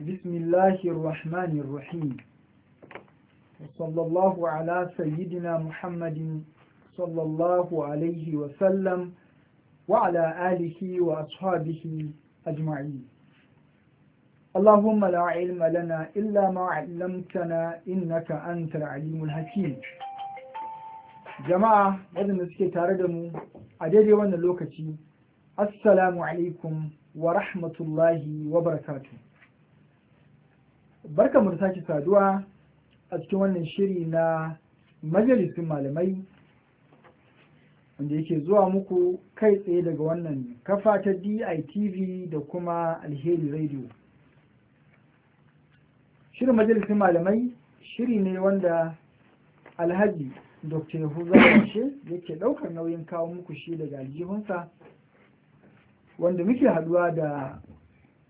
بسم الله الرحمن الرحيم وصلى الله على سيدنا محمد صلى الله عليه وسلم وعلى آله وأصحابه أجمعين اللهم لا علم لنا إلا ما علمتنا إنك أنت العليم الحكيم jama'a waɗanda suke tare da mu a daidai wannan lokaci assalamu alaikum wa rahmatullahi wa barakatuh barka mu sake saduwa a cikin wannan shiri na majalisun malamai wanda yake zuwa muku kai tsaye daga wannan kafa ta DITV da kuma Alheri Radio. Shirin majalisun malamai shiri ne wanda Alhaji Dr. Yahuza Yaushe yake ɗaukar nauyin kawo muku shi daga aljihunsa wanda muke haɗuwa da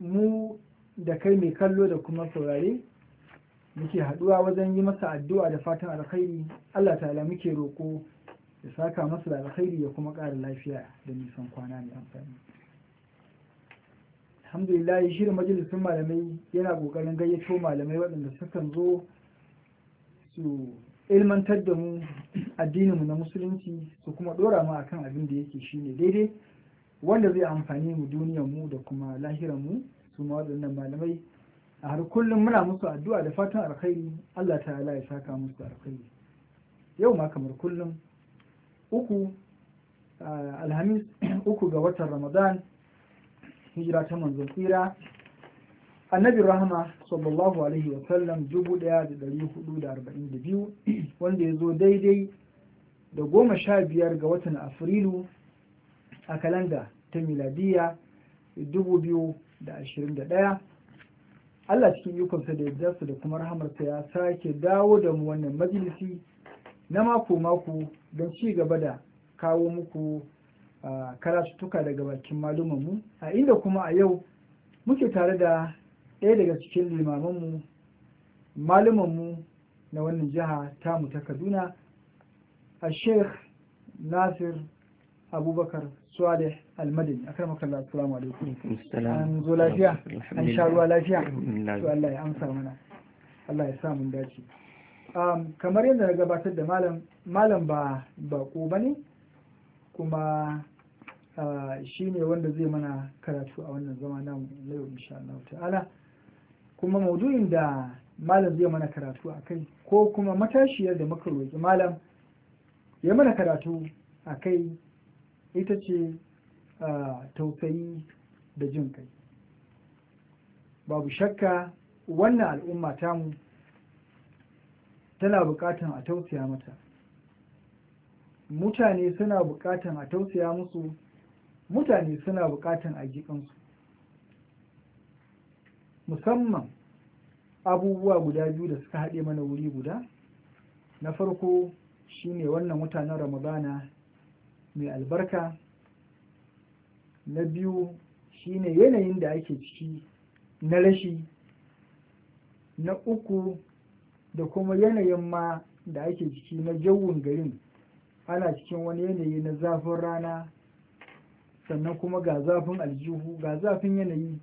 mu da kai mai kallo da kuma saurare muke haɗuwa wajen yi masa addu'a da fatan alkhairi Allah ta'ala muke roko ya saka masa da alkhairi ya kuma ƙara lafiya da nisan kwana mai amfani alhamdulillah shirin majalisun malamai yana ƙoƙarin gayyato malamai waɗanda sukan zo su ilmantar da mu addininmu na musulunci su kuma ɗora mu akan abin da yake shine daidai wanda zai amfani mu duniyar mu da kuma lahiran mu. su waɗannan malamai a har kullum muna musu addu'a da fatan alkhairi Allah ta'ala ya saka musu alkhairi yau ma kamar kullum uku alhamis uku ga watan ramadan hijira ta manzon tsira annabi rahama sallallahu alaihi wa sallam dubu ɗaya da ɗari hudu da arba'in da biyu wanda ya zo daidai da goma sha biyar ga watan afrilu a kalanda ta miladiyya dubu biyu da ashirin da ɗaya Allah cikin ikonsa da yardarsa da kuma rahamarsa ya sake dawo da mu wannan majalisi na mako-mako don ci gaba da kawo muku karatuttuka daga bakin malumanmu a inda kuma a yau muke tare da ɗaya daga cikin limamanmu malumanmu na wannan jiha tamu ta kaduna a sheikh nasir abubakar suwadeh almadani akramaka Allah assalamu alaikum an zo lafiya an sha ruwa lafiya to Allah ya amsa mana Allah ya sa mun dace kamar yadda na gabatar da malam malam ba bako bane kuma shi ne wanda zai mana karatu a wannan zama na yau insha Allah ta'ala kuma maudu'in da malam zai mana karatu a kai ko kuma matashiyar da muka roƙi malam ya mana karatu a kai ita ce tausayi da jin kai babu shakka wannan al'umma tamu tana buƙatan a tausaya mata mutane suna bukatan a tausaya musu mutane suna bukatan a jikinsu, musamman abubuwa guda biyu da suka haɗe mana wuri guda na farko shine wannan mutanen ramadana mai albarka na biyu shine yanayin da ake ciki na rashi na uku da kuma yanayin ma da ake ciki na jawun garin ana cikin wani yanayi na zafin rana sannan kuma ga zafin aljihu ga zafin yanayi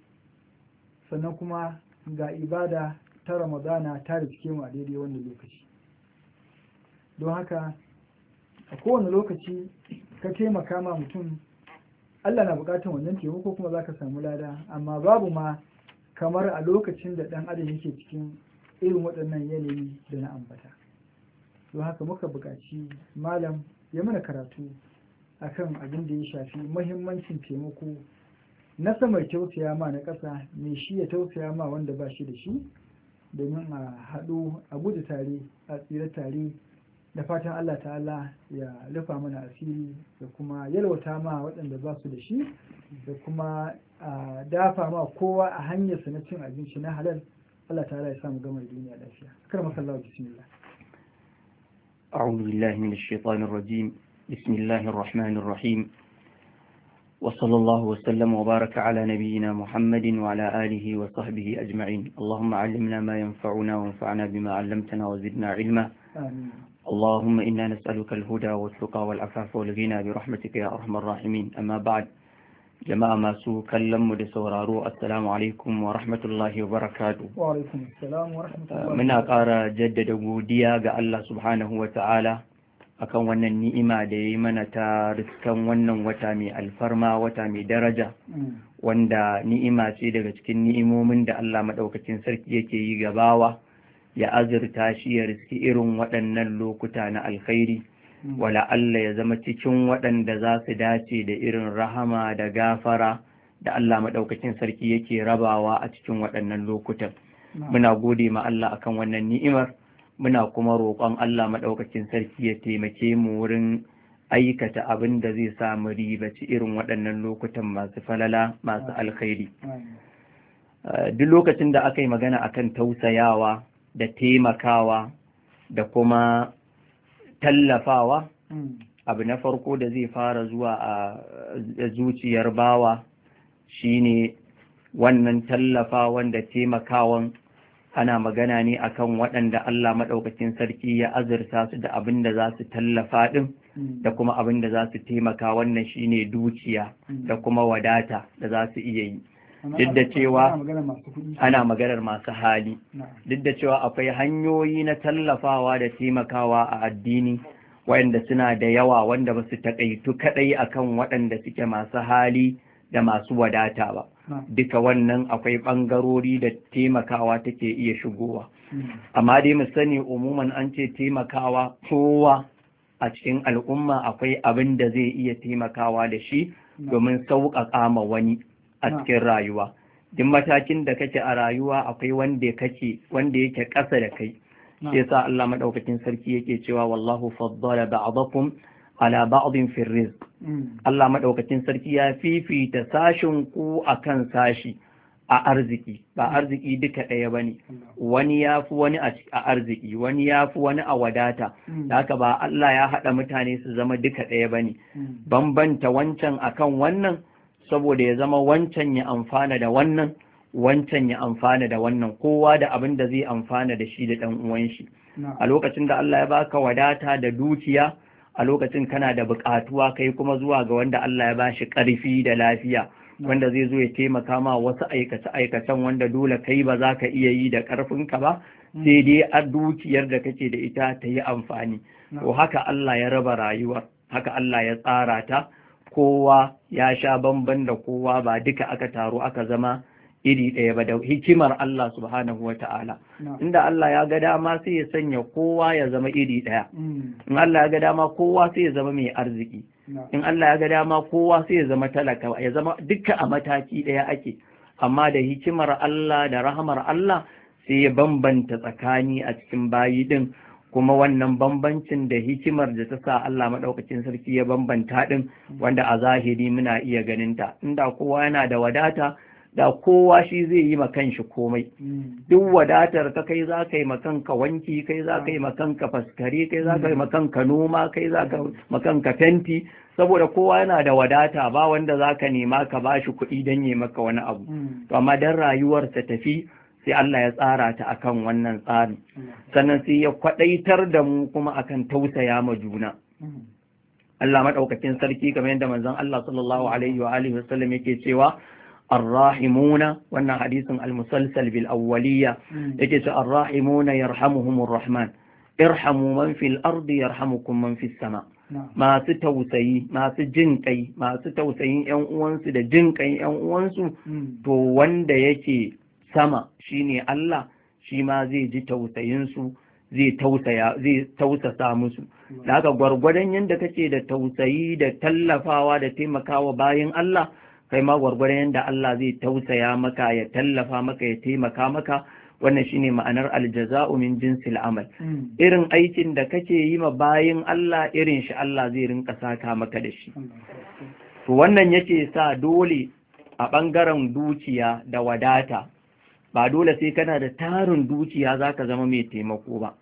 sannan kuma ga ibada ta ramadana ta cike mu a daidai wannan lokaci don haka a kowane lokaci ka taimaka ma mutum Allah na buƙatar wannan taimako kuma za ka samu lada amma babu ma kamar a lokacin da ɗan adam yake cikin irin waɗannan yanayi da na ambata don haka muka buƙaci malam ya mana karatu akan abin da ya shafi mahimmancin taimako na samar tausaya ma na ƙasa mai shi ya tausaya ma wanda ba shi da shi domin a haɗu a gudu tare a tsira tare da fatan Allah ta'ala ya rufa mana asiri da kuma yalwata ma waɗanda za su da shi da kuma a dafa ma kowa a hanyar na cin abinci na halal Allah ta'ala ya samu gama duniya lafiya kar maka Allah bismillah a'udhu billahi minash shaitanir rajim bismillahir rahmanir rahim wa sallallahu wa sallama wa baraka ala nabiyyina muhammadin wa ala alihi wa sahbihi ajma'in allahumma allimna ma yanfa'una wa anfa'na bima 'allamtana wa zidna 'ilma amin اللهم إنا نسألك الهدى والثقى والعفاف والغنى برحمتك يا أرحم الراحمين أما بعد جماعة ما سو كلم دسورارو السلام عليكم ورحمة الله وبركاته وعليكم السلام ورحمة الله من أقارى جدد وديا الله سبحانه وتعالى akan wannan ni'ima da ya yi mana ta riskan wannan wata mai alfarma wata mai daraja wanda ni'ima ce daga cikin ni'imomin da Allah maɗaukacin sarki yake yi gabawa ya azurta shi ya riski irin waɗannan lokuta na alkhairi hmm. wala Allah ya zama cikin waɗanda za su dace da irin rahama da gafara da Allah maɗaukakin sarki yake rabawa a cikin waɗannan lokutan muna gode ma Allah akan wannan ni'imar muna kuma roƙon Allah maɗaukakin sarki ya taimake mu wurin aikata abin da zai samu ribaci irin waɗannan lokutan masu falala masu alkhairi duk lokacin da aka yi magana akan tausayawa da taimakawa da kuma tallafawa hmm. abu na farko da zai fara zuwa a zuciyar bawa shine wannan tallafawan da taimakawan ana magana ne akan waɗanda Allah maɗaukacin sarki ya azurta su da abin da za su tallafa ɗin hmm. da kuma abin da za su taimaka wannan shine dukiya hmm. da kuma wadata da za su iya yi duk da cewa ana maganar masu hali duk da cewa akwai hanyoyi na tallafawa da taimakawa a addini wayanda suna da yawa wanda ba su taƙaitu kaɗai akan waɗanda suke masu hali da masu wadata ba duka wannan akwai ɓangarori da taimakawa take iya shigowa hmm. amma dai mu sani umuman an ce taimakawa kowa a cikin al'umma akwai abin da zai iya taimakawa da shi domin sauƙaƙa ma wani a cikin rayuwa duk matakin da kake a rayuwa akwai wanda kake wanda yake ƙasa da kai sai sa Allah madaukakin sarki yake cewa wallahu faddala ba'dakum ala ba'din fi rizq mm. Allah madaukakin sarki ya fifita sashin ku akan sashi a arziki ba mm. arziki duka ɗaya bane wani ya fi wani a arziki wani ya fi wani a wadata mm. da haka ba Allah ya haɗa mutane su zama duka ɗaya bane bambanta wancan akan wannan saboda ya zama wancan ya amfana da wannan wancan ya amfana da wannan kowa da abin da zai amfana da shi da ɗan uwan shi a lokacin da Allah ya baka wadata da dukiya a lokacin kana da buƙatuwa kai kuma zuwa ga wanda Allah ya ba shi ƙarfi da lafiya wanda zai zo ya taimaka ma wasu aikace aikacen wanda dole kai ba za ka iya yi da ƙarfinka ba mm. sai dai a dukiyar da kake da ita ta yi amfani to haka Allah ya raba rayuwar haka Allah ya tsara ta kowa ya sha bamban da kowa ba duka aka taru aka zama iri ɗaya ba da hikimar Allah subhanahu wa ta'ala inda Allah ya ga dama sai ya sanya kowa ya zama iri ɗaya mm. in Allah ya ga dama kowa sai ya zama mai arziki in Allah ya ga dama kowa sai ya zama talaka ya zama duka a mataki ɗaya ake amma da hikimar Allah da rahamar Allah sai ya bambanta tsakani a cikin bayi din kuma wannan bambancin da hikimar da ta sa Allah maɗaukacin sarki ya bambanta ɗin wanda a zahiri muna iya ganinta inda kowa yana da wadata da kowa shi zai yi makan shi komai duk wadatar ka kai za ka yi makan ka wanki kai za ka yi makan ka faskari kai za ka yi makan ka noma kai za ka yi makan ka fenti saboda kowa yana da wadata ba wanda za ka nema ka ba shi kuɗi don yi maka wani abu to amma don rayuwar ta tafi sai Allah ya tsara ta akan wannan tsari sannan sai ya kwadaitar da mu kuma akan tausaya ma juna Allah madaukakin sarki kamar yadda manzon Allah sallallahu alaihi wa alihi wasallam yake cewa arrahimuna wannan hadisin almusalsal bil awwaliyya yake cewa arrahimuna yarhamuhumur rahman irhamu man fil ardi yarhamukum man fis sama masu tausayi masu jin kai masu tausayin yan uwansu da jin kai yan uwansu to wanda yake sama shine Allah shi ma zai ji tausayinsu zai tausasa musu da haka gwargwadon yadda kake da tausayi da tallafawa da taimakawa bayan Allah kai ma gwargwadon yadda Allah zai tausaya maka ya tallafa maka ya taimaka maka wannan shine ma'anar aljaza'u min jinsil amal hmm. irin aikin da kake yi ma bayan Allah irin shi Allah zai rinka saka maka da shi hmm. to wannan yake sa dole a ɓangaren dukiya da wadata ba dole sai kana da tarin dukiya za ka zama mai taimako ba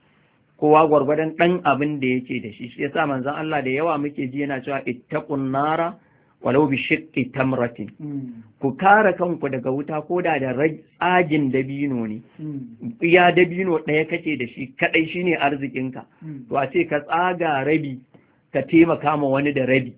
kowa gwargwadon ɗan abin da yake da shi shi yasa manzon Allah da yawa muke ji yana cewa ittaqun nara walau bi shiqqi tamratin hmm. ku kare kanku daga wuta ko da da tsagin dabino ne hmm. iya dabino ɗaya kake da shi kadai shine arzikinka hmm. to a ce ka tsaga rabi ka taimaka ma wani da rabi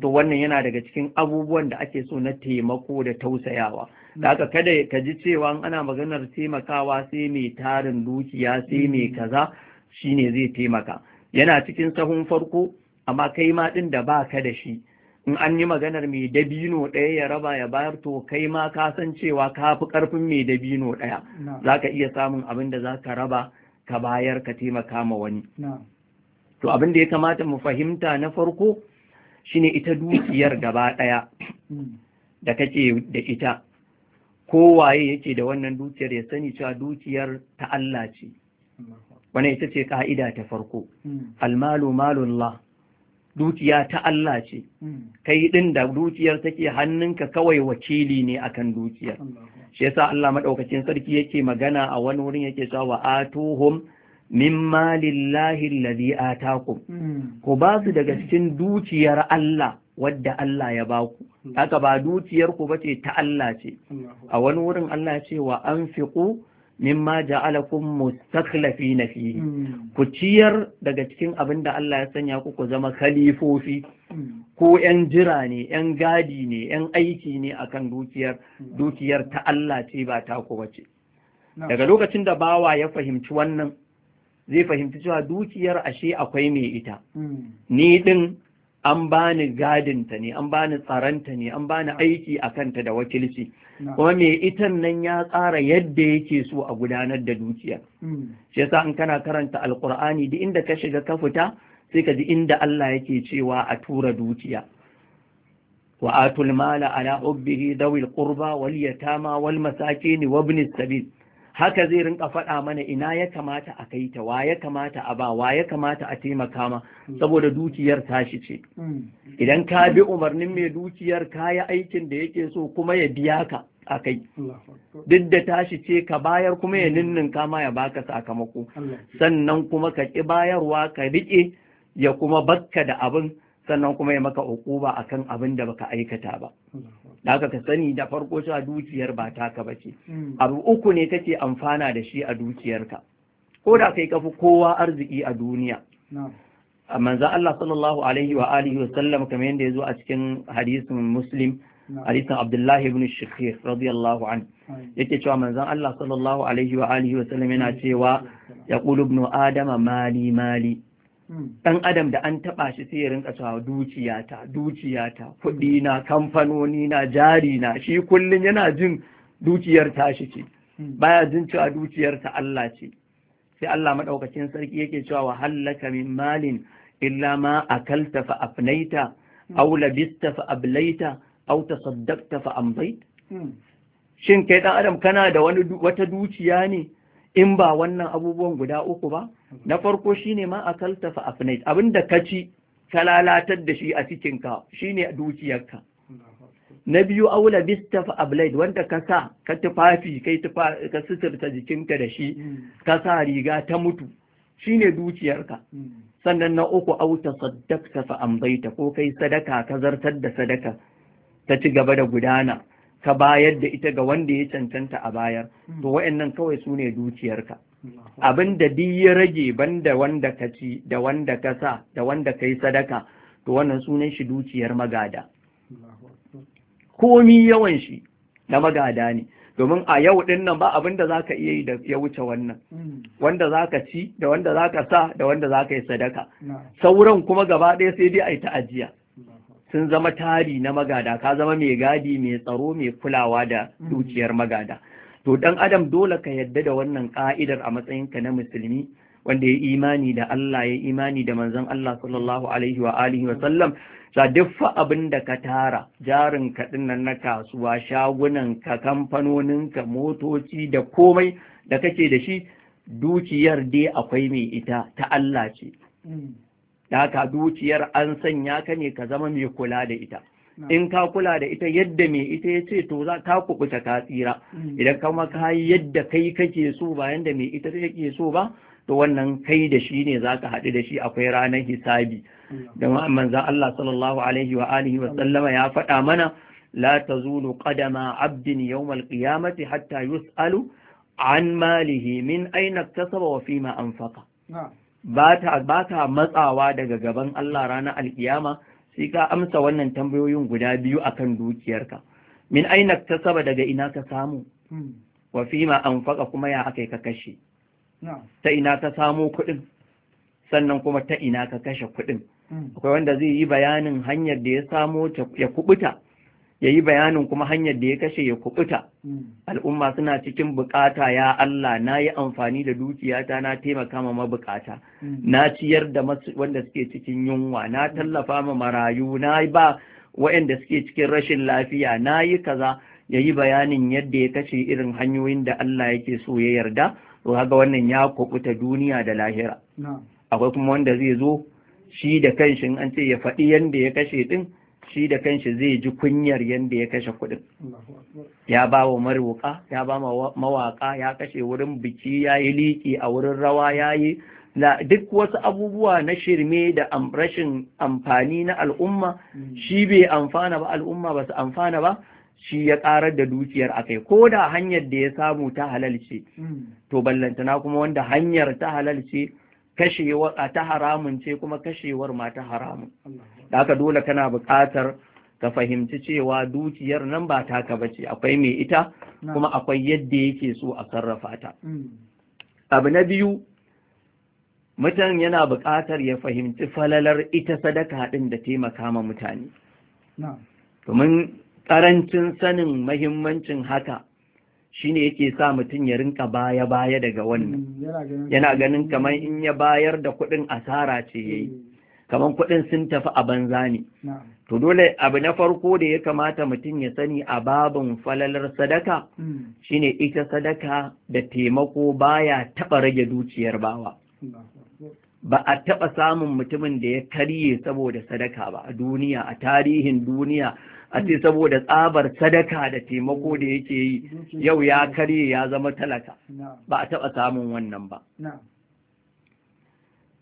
to wannan yana daga cikin abubuwan da ake so na taimako da tausayawa da aka kada ka ji cewa ana maganar taimakawa sai mai tarin dukiya sai mai mm-hmm. kaza shine zai taimaka yana cikin sahun farko amma kai ma ɗin da baka da shi in an yi maganar mai dabino ɗaya ya raba ya bayar to kai ma ka san cewa ka fi ƙarfin mai dabino ɗaya za ka iya samun abin da za ka raba ka bayar ka taimaka ma wani to abin da ya kamata mu fahimta na farko shine ita dukiyar gaba ɗaya mm. da kake da ita kowaye yake da wannan dukiyar ya sani cewa dukiyar ta Allah ce wannan ita ce ka'ida ta farko hmm. almalu malullah dukiya ta Allah ce hmm. kai din da dukiyar take hannunka kawai wakili ne akan dukiyar shi yasa Allah madaukakin sarki yake magana a wani wurin yake cewa wa atuhum min lillahi alladhi atakum hmm. ku ba su daga cikin dukiyar Allah wadda Allah ya ba ku hmm. haka ba dukiyar ku bace ta Allah ce a wani wurin Allah ce wa anfiqu mimma ja'alakum mustakhlifina fi hmm. ku ciyar daga cikin abin da Allah ya sanya ku ku zama kalifofi. Hmm. ko yan jira ne yan gadi ne yan aiki ne akan dukiyar dukiyar ta Allah ce ba ta ku bace daga lokacin da bawa ya fahimci wannan zai fahimci cewa dukiyar ashe akwai mai ita ni din an bani gadinta ne an bani tsaranta ne an bani aiki a kanta da wakilci kuma me itan nan ya tsara yadda yake so a gudanar da dukiya hmm. shi yasa an kana karanta alkur'ani duk inda ka shiga ka fita sai ka ji inda Allah yake cewa a tura dukiya wa atul mala ala ubbihi dawil qurba wal yatama wal masakin wa ibn sabil haka zai rinka faɗa mana ina ya kamata a kai ta wa ya kamata a ba wa ya kamata a taimaka ma saboda dukiyar tashi ce idan ka bi umarnin mai dukiyar ka aikin da yake so kuma ya biya ka a kai duk da tashi ce ka bayar kuma ya hmm. ninnin kama ya baka sakamako sannan kuma ka ki bayarwa ka riƙe ya kuma bakka da abin sannan kuma ya maka a akan abin da baka aikata ba da haka ka sani da farko shi a dukiyar ba taka ba ce hmm. abu uku ne kake amfana da shi a dukiyarka ko da kai kafi kowa arziki a duniya manzo Allah sallallahu alaihi wa alihi wa sallam kamar yadda yazo a cikin hadisin muslim hadisin Abdullah ibn Shakhir radiyallahu an yake cewa manzon Allah sallallahu alaihi wa alihi wa sallam yana cewa yaqulu ibn adama mali mali ɗan adam da an taɓa shi sai ya rinka cewa dukiyata dukiyata kuɗi na kamfanoni na jari na shi kullum yana jin dukiyar tashi ce baya jin cewa dukiyar ta Allah ce sai Allah madaukakin sarki yake cewa wa hallaka min malin illa ma akalta fa afnaita aw labista fa ablaita aw tasaddaqta fa hmm. shin kai ɗan adam kana da wani wata dukiya ne in ba wannan abubuwan guda uku ba na farko shine ma akalta fa afnait abinda ka ci ka lalatar da shi a cikinka, ka shine dukiyarka na biyu aula bista fa ablaid wanda ka sa ka tufafi kai tufa ka suturta jikinka da shi ka sa riga ta mutu shine dukiyarka sannan na uku auta saddaqta fa ambaita ko kai sadaka ka zartar da sadaka ta ci gaba da gudana ka bayar da ita ga wanda ya cancanta a bayar hmm. to wayannan kawai su ne dukiyarka abin da duk ya rage banda wanda ka ci da wanda ka sa da wanda ka yi sadaka to wannan sunan shi dukiyar magada komi yawan shi na magada ne domin a yau din nan ba abin da za ka iya yi da ya wuce wannan hmm. wanda za ka ci da wanda za ka sa da wanda za ka yi sadaka sauran kuma gaba ɗaya sai dai a yi ta'ajiya sun zama tari na magada ka zama mai gadi mai tsaro mai kulawa da mm. dukiyar magada to dan adam dole ka yadda da wannan ƙa'idar a matsayinka na musulmi wanda ya imani da Allah ya imani da manzon Allah sallallahu alaihi wa alihi wa sallam sa duffa abin da ka tara jarin ka dinnan na kasuwa shagunan ka kamfanonin ka motoci da komai da kake da shi dukiyar dai akwai mai ita ta Allah ce mm. da haka dukiyar an sanya ka ne ka zama mai kula da ita in ka kula da ita yadda mai ita ya ce to za ka kubuta ka tsira mm. idan kama ka yi yadda kai kake so ba yadda mai ita take so ba to wannan kai da shi ne za ka haɗu da shi akwai ranar hisabi da manzan Allah sallallahu alaihi wa alihi wa sallama ya faɗa mana la tazulu qadama abdin yawmal qiyamati hatta yus'alu an malihi min aina kasaba wa fima anfaqa ba ta matsawa daga gaban Allah ranar alkiyama sai ka amsa wannan tambayoyin guda biyu akan dukiyarka min aina ta saba daga ina ka samu hmm. wa an faka kuma ya akai ka kashe ta ina ka samu kuɗin sannan kuma ta ina ka kashe kuɗin hmm. akwai wanda zai yi bayanin hanyar da ya samu ya kubuta ya yi bayanin kuma hanyar da ya kashe ya kubuta hmm. al'umma suna cikin bukata ya Allah na yi amfani da dukiyata na taimaka ma mabukata hmm. na ciyar da wanda suke cikin yunwa na hmm. tallafa ma marayu na ba waɗanda suke cikin rashin lafiya na yi kaza ya yi bayanin yadda ya kashe irin hanyoyin da Allah yake so ya yarda to haka wannan ya kubuta duniya da lahira akwai kuma wanda zai zo shi da kanshi an ce ya faɗi yadda ya kashe ɗin? shi da kanshi zai ji kunyar yadda ya kashe kuɗin ya ba wa maruka ya ba mawaka ya kashe wurin biki ya yi liƙi a wurin rawa ya yi duk wasu abubuwa na shirme da rashin amfani na al'umma hmm. shi bai amfana ba al'umma ba su amfana ba shi ya karar da dukiyar a kai ko da hanyar da ya samu ta halal ce hmm. to ballantana kuma wanda hanyar ta halal ce ta haramun ce kuma kashewar ma ta haramun da aka dole kana buƙatar ka fahimci cewa dukiyar nan ba taka bace akwai mai ita kuma akwai yadda yake so a sarrafa ta mm. abu na biyu mutum yana buƙatar ya fahimci falalar ita sadaka ɗin da taimaka ma mutane domin ƙarancin sanin mahimmancin haka shi ne yake sa mutum ya rinka baya-baya daga wannan mm, yana ganin kamar in ya bayar da kuɗin asara ce ya yi. Eh. kamar kuɗin sun tafi a banza ne to dole abu na farko da ya kamata mutum ya sani a babin falalar sadaka hmm. shine ita sadaka da taimako baya taɓa rage dukiyar bawa ba a taɓa samun mutumin da ya karye saboda sadaka ba a duniya a tarihin duniya a ce hmm. saboda tsabar sadaka da taimako da yake yi yau ya karye ya zama talaka ba a taɓa samun wannan ba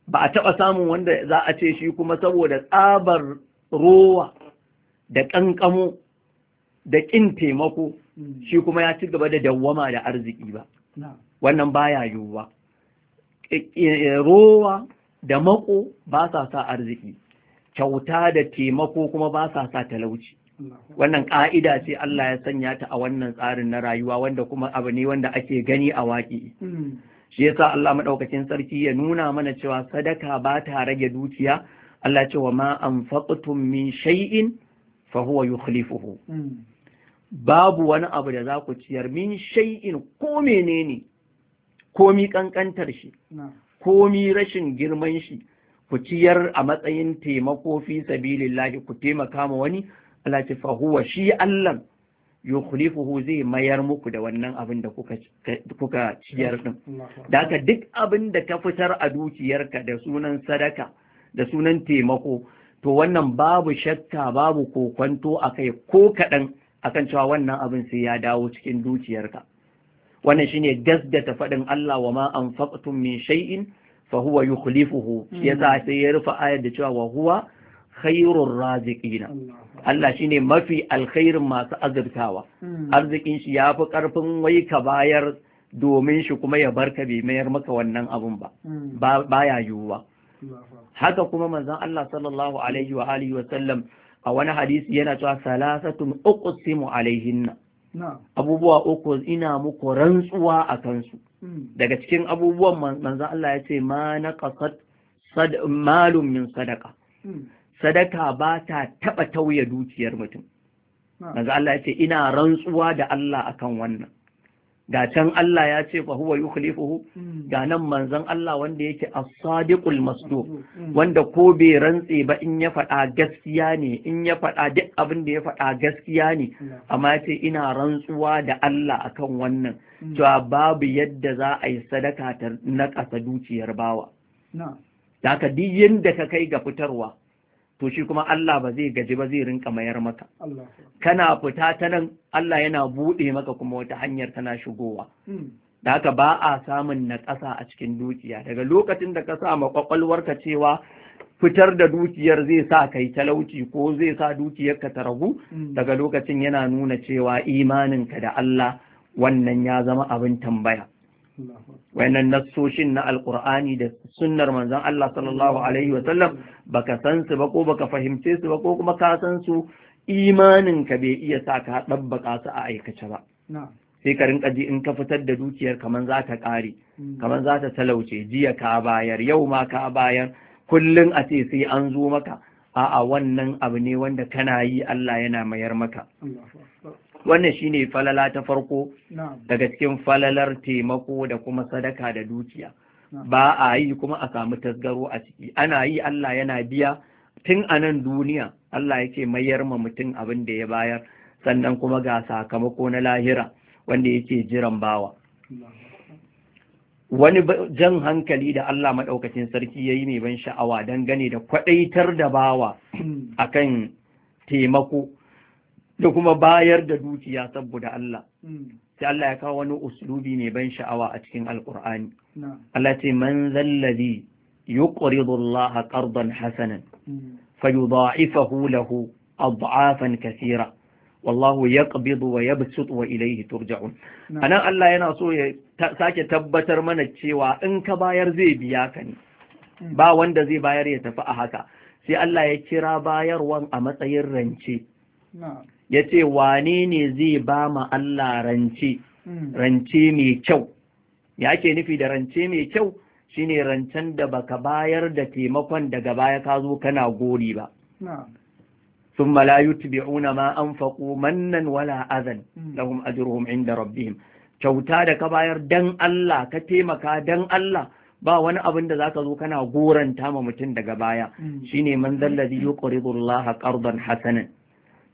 ba a taɓa samun wanda za a ce shi kuma saboda tsabar rowa da ƙanƙamo da ƙin taimako shi kuma ya ci gaba da dawwama da arziki ba wannan baya yiwuwa e, e, rowa da mako ba sa sa arziki kyauta da taimako kuma ba sa sa talauci wannan ƙa'ida ce Allah ya sanya ta a wannan tsarin na rayuwa wanda kuma abu ne wanda ake gani a waƙi hmm. shi yasa Allah madaukakin sarki ya nuna mana cewa sadaka ba ta rage dukiya Allah cewa ma anfaqtum min shay'in fa huwa yukhlifuhu hmm. babu wani abu da za ku ciyar min shay'in ko menene komi kankantar shi komi rashin girman shi ku ciyar a matsayin taimako fi sabilillahi ku taimaka ma wani Allah ce fa huwa shi Allah yukhlifuhu zai mayar muku da wannan abin da kuka ciyar din da haka duk abin da ka fitar a dukiyarka da sunan sadaka da sunan taimako to wannan babu shakka babu kokwanto akai ko kaɗan akan cewa wannan abin sai ya dawo cikin dukiyarka wannan shine ta faɗin Allah wa ma anfaqtum min shay'in fa huwa yukhlifuhu yasa hmm. sai ya rufe ayar da cewa wa huwa khairur raziqina Allah shine mafi alkhairin masu azurtawa hmm. arzikin shi ya fi ƙarfin wai ka bayar domin shi kuma ya barka bai mayar maka wannan abun ba hmm. baya yiwuwa haka kuma manzan Allah sallallahu alaihi wa alihi a wani hadisi yana cewa salasatun uqsimu alaihinna abubuwa uku ina muku rantsuwa a kansu hmm. daga cikin abubuwan manzan Allah ya ce ma naqasat malum min sadaka sadaka ba ta taɓa tauye dukiyar mutum manzo Allah ya ce ina rantsuwa da Allah a kan wannan ga can Allah ya ce fa huwa yukhlifuhu hmm. ga nan manzon Allah wanda yake as-sadiqul masduq hmm. Hmm. wanda ko bai rantse ba in ya faɗa gaskiya ne in ya faɗa duk abin da ya faɗa gaskiya ne amma ya ce ina rantsuwa da Allah a kan wannan cewa babu yadda za a yi sadaka ta na ƙasa dukiyar bawa da ka duk yadda ka kai ga fitarwa to shi kuma Allah ba zai gaji ba zai rinka mayar maka kana fita ta nan Allah yana buɗe maka kuma wata hanyar tana shigowa hmm. da haka ba a samun na ƙasa a cikin dukiya daga lokacin da ka sa ma kwakwalwarka cewa fitar da dukiyar zai sa kai talauci ko zai sa dukiyar ka ta ragu hmm. daga lokacin yana nuna cewa imanin ka da Allah wannan ya zama abin tambaya wayannan nassoshin na alkur'ani da sunnar manzon Allah sallallahu alaihi wa sallam baka san su ba ko baka fahimce su ba ko kuma ka san su imanin ka bai iya sa ka dabbaka su a aikace ba sai ka rinka ji in ka fitar da dukiyar kaman za ta kare mm. kaman za ta talauce jiya ka bayar yau ma ka bayar kullun a ce sai an zo maka a'a wannan abu ne wanda kana yi Allah yana mayar maka wannan shi ne falala ta farko daga cikin falalar taimako da kuma sadaka da dukiya ba a yi kuma a samu tasgaro a ciki ana yi Allah yana biya tun a nan duniya Allah yake mayar ma mutum abin da ya bayar sannan kuma ga sakamako na lahira wanda yake jiran bawa wani jan hankali da Allah maɗaukacin sarki ya yi mai ban sha'awa don gane da kwaɗaitar da bawa hmm. akan taimako da kuma bayar da dukiya saboda Allah hmm. sai Allah ya kawo wani uslubi mai ban sha'awa a cikin alkur'ani Allah ce man zallazi yuqridu Allah qardan hasanan hmm. fayudha'ifahu lahu ad'afan kasira, wallahu yaqbidu wa yabsutu wa ilayhi turja'un anan Allah yana so ya sake tabbatar mana cewa in ka bayar zai biya ka ne hmm. ba wanda zai bayar ya tafi a haka sai Allah ya kira bayarwan a matsayin rance ya ce wane ne zai ba ma Allah rance hmm. rance mai kyau ya ke nufi da rance mai kyau Shi ne rancen da baka bayar da taimakon daga baya ka zo kana gori ba ثم لا ma an faƙo. Mannan wala azan. Hmm. lahum inda rabbihim. kyauta da ka bayar dan Allah ka taimaka dan Allah ba wani abin da zaka zo kana goranta ma mutum daga baya hmm. shine man zallazi yuqridu Allah qardan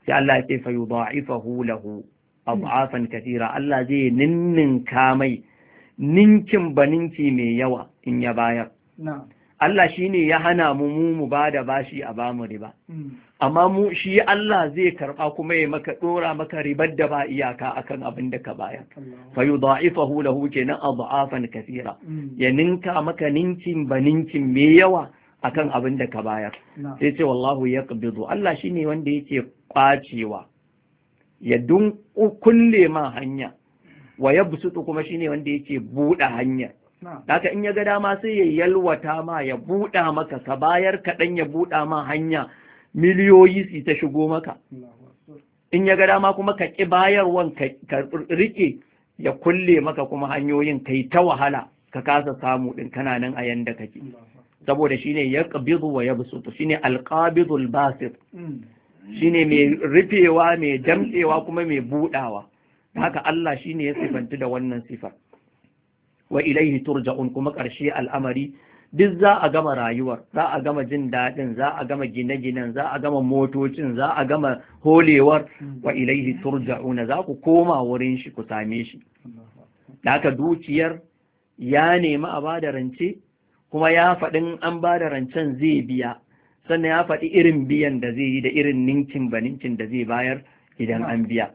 sai Allah ya ce fa yudha'ifahu lahu hmm. adhafan Allah zai ninnin mai ninkin baninki mai yawa in ya bayar Allah shi ne ya hana mu mu mu ba da bashi a bamu riba hmm. amma mu shi Allah zai karɓa kuma ya maka maka ribar da ba iyaka akan abin da ka bayar fa yudha'ifahu lahu kenan adhafan kathira hmm. ya ninka maka ninkin baninkin mai yawa akan abin da ka bayar sai ce wallahu ya ƙabidu Allah shi ne wanda yake kwacewa ya dun kulle ma hanya wa ya busutu kuma ne wanda yake buɗe hanya daka in ya ga dama sai ya yalwata ma ya buɗa maka ka bayar kaɗan ya buɗa ma hanya miliyoyi su ta shigo maka in ya ga dama kuma ka ƙi bayarwan ka riƙe ya kulle maka kuma hanyoyin kai ta wahala ka kasa samu ɗin kana nan a yanda kake saboda shine yaqbidu wa yabsutu shine alqabidul basit hmm. shine mai rufewa mai damtsewa kuma mai budawa haka Allah shine ya sifanti da wannan sifa wa ilaihi turja'un kuma ƙarshe al'amari duk za a gama rayuwar za a gama jin daɗin za a gama gine-ginen za a gama motocin za a gama holewar hmm. wa ilaihi turja'un za ku koma wurin shi ku same shi da haka dukiyar ya nemi a bada rance kuma ya faɗin an ba da rancen zai biya sannan ya faɗi irin biyan da zai yi da irin ninkin ba ninkin da zai bayar idan an biya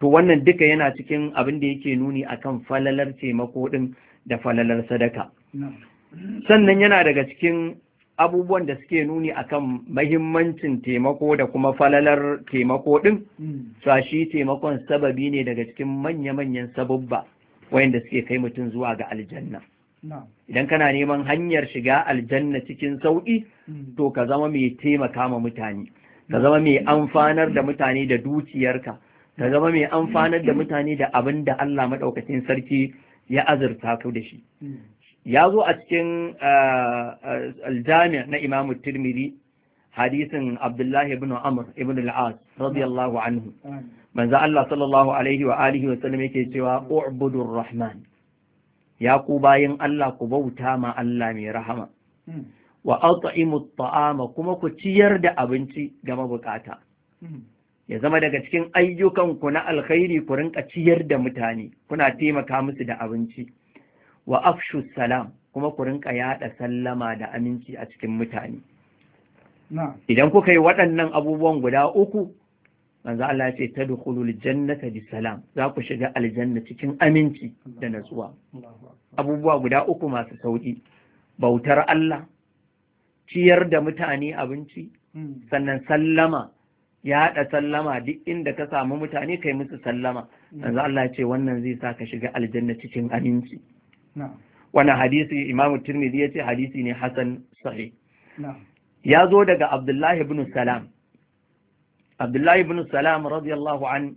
to wannan duka yana cikin abin da yake nuni akan falalar taimako ɗin da falalar sadaka sannan yana daga cikin abubuwan da suke nuni akan mahimmancin taimako da kuma falalar taimako ɗin shi taimakon sababi ne daga cikin manya-manyan sababba wayanda suke kai mutum zuwa ga aljanna idan kana neman hanyar shiga aljanna cikin sauƙi hmm. to ka zama mai taimaka ma mutane ka zama mai amfanar da mutane da dukiyarka ka zama mai amfanar da mutane da abin da Allah maɗaukacin sarki ya azurta ku da shi hmm. ya zo a cikin ah, ah, aljami'a na imamu tirmidhi hadisin abdullahi ibn amr ibn al-as radiyallahu anhu manzo Allah sallallahu alaihi wa alihi wa sallam yake cewa u'budur rahman ya ku bayan Allah ku bauta ma Allah mai rahama hmm. wa at'imu ta'ama kuma ku ciyar da abinci ga mabukata hmm. ya zama daga cikin ayyukan ku na alkhairi ku rinka ciyar da mutane kuna taimaka musu da abinci wa afshu salam kuma ku rinka yada sallama da aminci a cikin mutane idan kuka yi waɗannan abubuwan guda uku manzo Allah ya ce tadkhulul jannata bi salam za ku shiga aljanna cikin aminci da natsuwa abubuwa guda uku masu sauki bautar Allah ciyar da mutane abinci sannan sallama ya haɗa sallama duk inda ka samu mutane kai musu sallama manzo Allah ya ce wannan zai sa ka shiga aljanna cikin aminci wannan hadisi Imam Tirmidhi ya ce hadisi ne hasan sahih ya zo daga Abdullahi ibn Salam Abdullahi ibn Salam radiyallahu an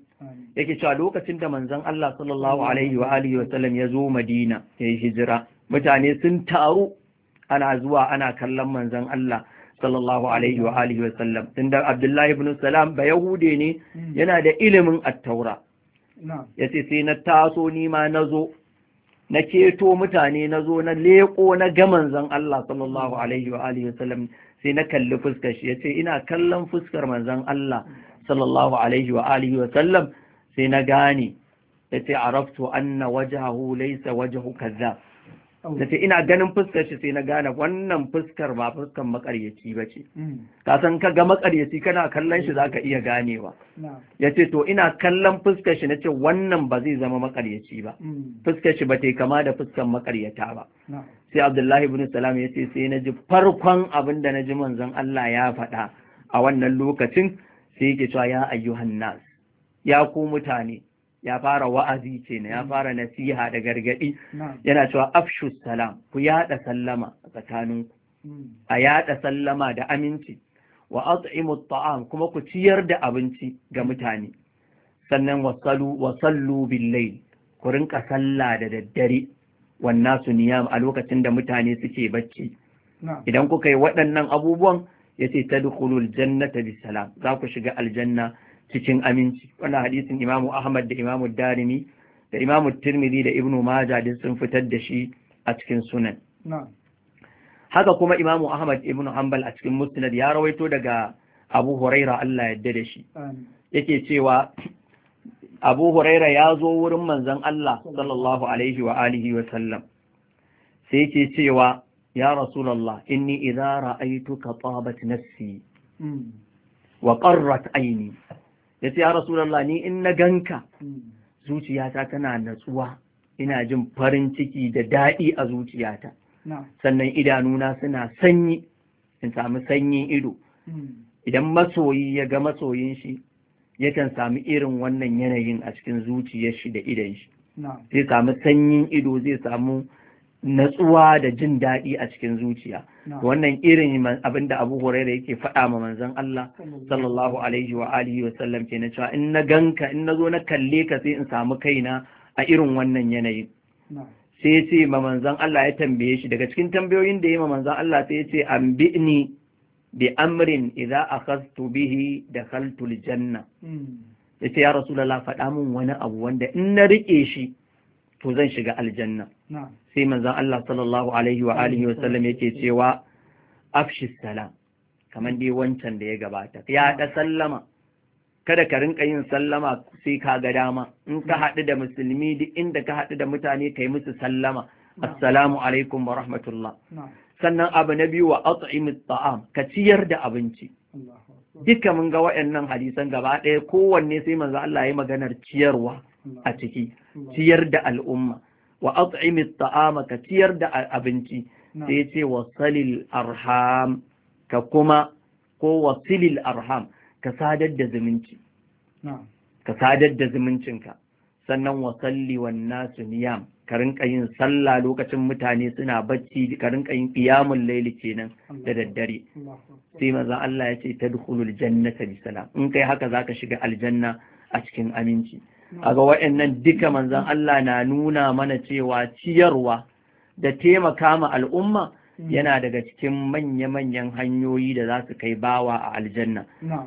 yake cewa lokacin da manzon Allah sallallahu alaihi wa alihi wa sallam ya zo Madina ya yi hijira mutane sun taru ana zuwa ana kallon manzon Allah sallallahu alaihi wa alihi wa sallam tunda Abdullahi ibn Salam ba Yahude ne hmm. yana da ilimin at-Taura ce sai na taso ni ma nazo na keto mutane na zo na leko na ga manzon Allah sallallahu alaihi wa alihi wa sallam sai na kalli fuskar shi yace ina kallon fuskar manzon Allah sallallahu alaihi wa alihi wa sallam sai na gane yace an anna wajhahu laisa wajhu kaza. na ce ina ganin fuskar shi sai na gane wannan fuskar ba fuskar makaryaci ba ce mm. ka san ka ga makaryaci kana kallon shi za ka iya ganewa ya ce to ina kallon fuskar shi na ce wannan ba zai zama makaryaci ba mm. fuskar shi ba ta yi kama da fuskar makaryata ba sai abdullahi ibn salam ya ce sai na ji farkon abin da na ji manzon Allah ya faɗa a wannan lokacin sai yake cewa ya ayyuhan nas ya ku mutane ya fara wa'azi kenan ya mm. fara nasiha da gargaɗi. yana cewa afshu salam ku yada sallama ku a mm. yada sallama da aminci wa at'imu ta'am kuma ku ciyar da abinci ga mm. mutane sannan wasalu wasallu bil ku rinka sallah da daddare wannan su niyam a lokacin da mutane suke bacci idan kuka yi waɗannan abubuwan yace tadkhulul jannata bisalam za ku shiga aljanna cikin aminci wannan hadisin imamu ahmad da imamu darimi da imamu tirmidhi da ibnu majah duk sun fitar da shi a cikin sunan haka kuma imamu ahmad ibnu hanbal a cikin musnad ya rawaito daga abu huraira Allah yadda da shi yake cewa abu huraira ya zo wurin manzon Allah sallallahu alaihi wa alihi wa sallam sai yake cewa ya rasulullah inni idza ra'aytuka tabat nafsi mm. wa qarrat aini ya ce ya rasulallah ni in na ganka hmm. zuciyata tana natsuwa ina jin farin ciki da daɗi a zuciyata sannan idanuna suna sanyi in sami sanyin ido hmm. idan masoyi ya ga masoyin shi yakan sami irin wannan yanayin a cikin zuciyar shi da idan shi zai sami sanyin ido zai samu natsuwa da jin daɗi a cikin zuciya wannan irin abin da Abu Huraira yake faɗa ma manzon Allah sallallahu alaihi wa alihi wa sallam ke na cewa in na ganka in na zo na kalle ka sai in samu kaina a irin wannan yanayi sai sai ma manzon Allah ya tambaye shi daga cikin tambayoyin da ya ma manzon Allah sai ya ce an bi'ni bi amrin idza akhadtu bihi dakhaltu aljanna yace hmm. ya rasulullah faɗa min wani abu wanda in na rike shi to zan shiga aljanna sai manzon Allah sallallahu alaihi wa alihi wa sallam yake cewa afshi salam kamar dai wancan da ya gabata ya da sallama kada ka rinka yin sallama sai ka ga dama in ka haɗu da musulmi duk inda ka haɗu da mutane kai musu sallama assalamu alaikum wa rahmatullah sannan abu na biyu wa at'imit ta'am ka ciyar da abinci duka mun ga waɗannan hadisan gaba ɗaya kowanne sai manzo Allah ya maganar ciyarwa a ciki ciyar da al'umma wa at'imit ta'ama ka ciyar da abinci sai ce wasalil arham ka kuma ko wasilil arham ka sadar da zumunci ka sadar da zumuncinka sannan wasalli wan nasu niyam ka rinka yin sallah lokacin mutane suna bacci ka rinka yin qiyamul layli kenan da daddare sai manzon Allah ya ce tadkhulul jannata bi salam in kai haka zaka shiga aljanna a cikin aminci aga waɗannan duka manzon Allah na nuna mana cewa ciyarwa da taimaka ma al'umma hmm. yana daga cikin manya-manyan hanyoyi da za su kai bawa a aljanna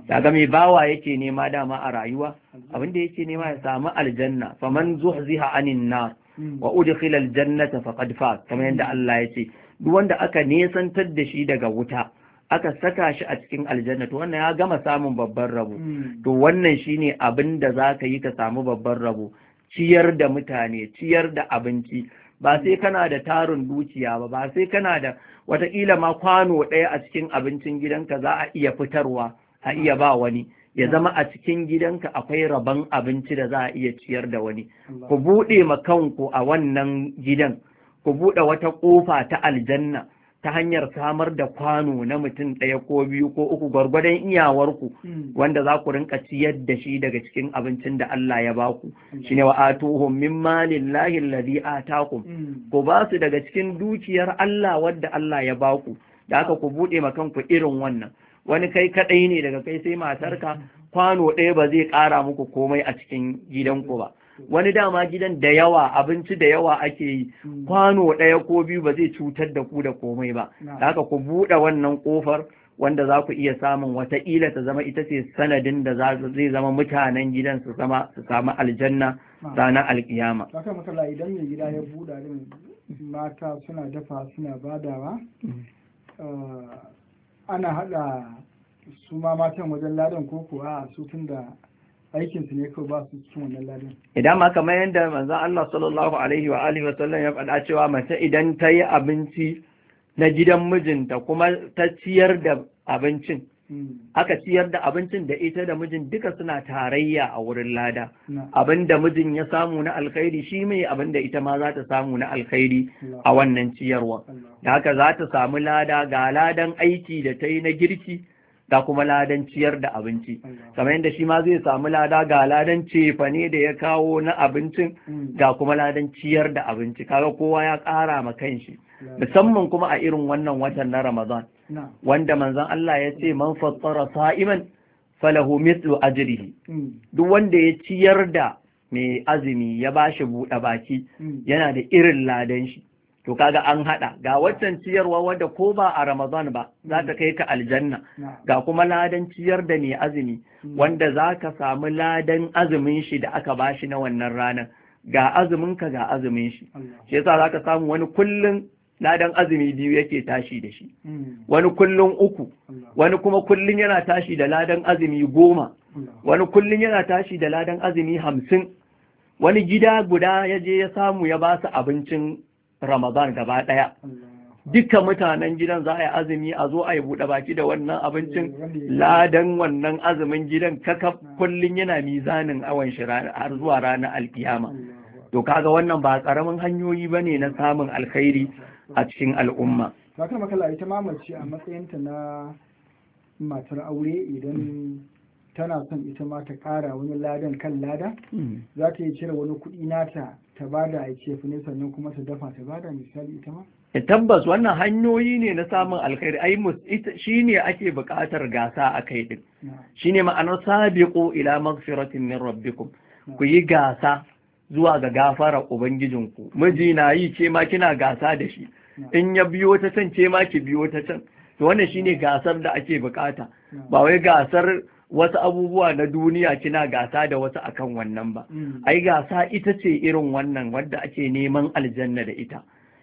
daga mai bawa yake nema dama a rayuwa abinda yake nema ya samu aljanna fa man zuhziha anin nar hmm. wa udkhila aljannata faqad fa, kamar yadda hmm. Allah ya ce duk wanda aka nesantar da shi daga wuta aka saka shi a cikin aljanna to wannan ya gama samun babban rabo hmm. to wannan shine abin da za ka yi ka samu babban rabo ciyar da mutane ciyar da abinci ba sai hmm. kana da tarin dukiya ba ba sai kana da wataƙila ma kwano ɗaya a cikin abincin gidanka za a iya fitarwa a iya ba wani ya hmm. zama a cikin gidanka akwai rabon abinci da za a iya ciyar da wani ku buɗe ma kanku a wannan gidan ku buɗe wata ƙofa ta aljanna ta hanyar samar da kwano na mutum ɗaya ko biyu ko uku gwargwadon iyawarku mm. wanda za ku rinka ciyar da shi daga cikin abincin da Allah ya baku mm. shine wa atuhum min malillahi allazi atakum mm. ku ba su daga cikin dukiyar Allah wadda Allah ya baku da haka ku buɗe ma kanku irin wannan wani kai kaɗai ne daga kai sai matarka kwano ɗaya ba zai ƙara muku komai a cikin gidanku ba wani dama gidan da yawa abinci da yawa ake yi hmm. kwano ɗaya ko biyu ba zai cutar da ku da komai ba da haka ku buɗe wannan ƙofar wanda za ku iya samun wataƙila ta zama ita ce sanadin da zai zama mutanen gidan su zama su samu aljanna ranar alkiyama. Saka idan mai gida ya buɗa din mata suna dafa suna badawa hmm. eh, ana haɗa su ma matan wajen ladan ko kuwa su tun da aikin ne ko ba su cikin wannan ladan idan eh, ma kamar yadda manzon Allah sallallahu alaihi wa alihi wasallam ya faɗa cewa mace idan ta yi abinci na gidan mijinta kuma ta ciyar da abincin hmm. aka ciyar da abincin da ita da mijin duka suna tarayya a wurin lada abin da mijin ya samu na alkhairi shi mai abin da ita ma za ta samu na alkhairi a wannan ciyarwa da haka za ta samu lada ga ladan aiki da ta yi na girki Da kuma ladan ciyar da abinci kamar yadda shi ma zai samu lada ga ladan cefane da ya kawo na abincin mm. ga kuma ladan ciyar da abinci kaga kowa ya ƙara ma kan shi musamman kuma a irin wannan watan na Ramadan wanda manzon Allah ya ce man fattara sa'iman falahu mithlu ajrihi mm. duk wanda ya ciyar da mai azumi ya bashi buɗe baki mm. yana da irin ladan shi to kaga an hada ga waccan ciyarwa wanda ko ba a Ramadan ba za ta mm. kai ka aljanna ga kuma ladan ciyar da mai azumi mm. wanda za ka samu ladan azumin shi da aka bashi na wannan ranar ga azumin ka ga azumin shi shi yasa za ka samu wani kullun ladan azumi biyu yake tashi da shi mm. wani kullun uku wani kuma kullun yana tashi da ladan azumi goma wani kullun yana tashi da ladan azumi hamsin wani gida guda ya je ya samu ya ba su abincin Ramadan gaba ɗaya. Dukkan mutanen gidan za a yi azumi a zo a yi buɗe baki da wannan abincin eh, ladan wannan azumin gidan kaka kullum yana mizanin awon shi har zuwa ranar alkiyama. To kaga wannan ba ƙaramin hanyoyi ba ne na samun alkhairi a cikin al'umma. Bakar makalla ita mamaci a matsayinta na matar aure idan tana son ita ma ta ƙara wani ladan kan lada hmm. za ta yi cire wani kuɗi nata ta bada a ce ne sannan kuma ta dafa ta bada misali ita ma eh, tabbas wannan hanyoyi ne na samun alkhairi ai shi ne ake buƙatar gasa a kai din shi ne ma'anar sabiqu ila magfiratin min rabbikum ku yi gasa zuwa ga gafara ubangijinku miji na yi ce ma kina gasa da shi in ya biyo ta can ce ma ki biyo ta can to wannan shine gasar da ake buƙata ba wai gasar wasu abubuwa na duniya kina gasa da wasu akan wannan ba mm. ai gasa ita ce irin wannan wadda ake neman aljanna da ita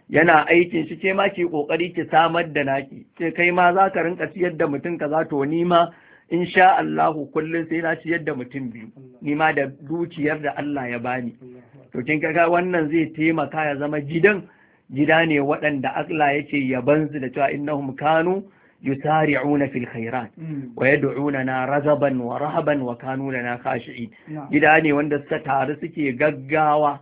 yana aikin shi ke ma ki ƙoƙari ki samar da naki ce kai ma za ka rinka ciyar da mutum kaza to ni ma insha Allahu kullum sai na ciyar da mutum biyu ni ma da dukiyar da Allah ya bani to kin ga wannan zai taimaka ya zama gidan gida ne waɗanda Allah yake yabansu da cewa innahum kanu yusari'una fil khairat wa yad'unana razaban wa rahaban wa kanu lana khashi'in gida ne wanda suka taru suke gaggawa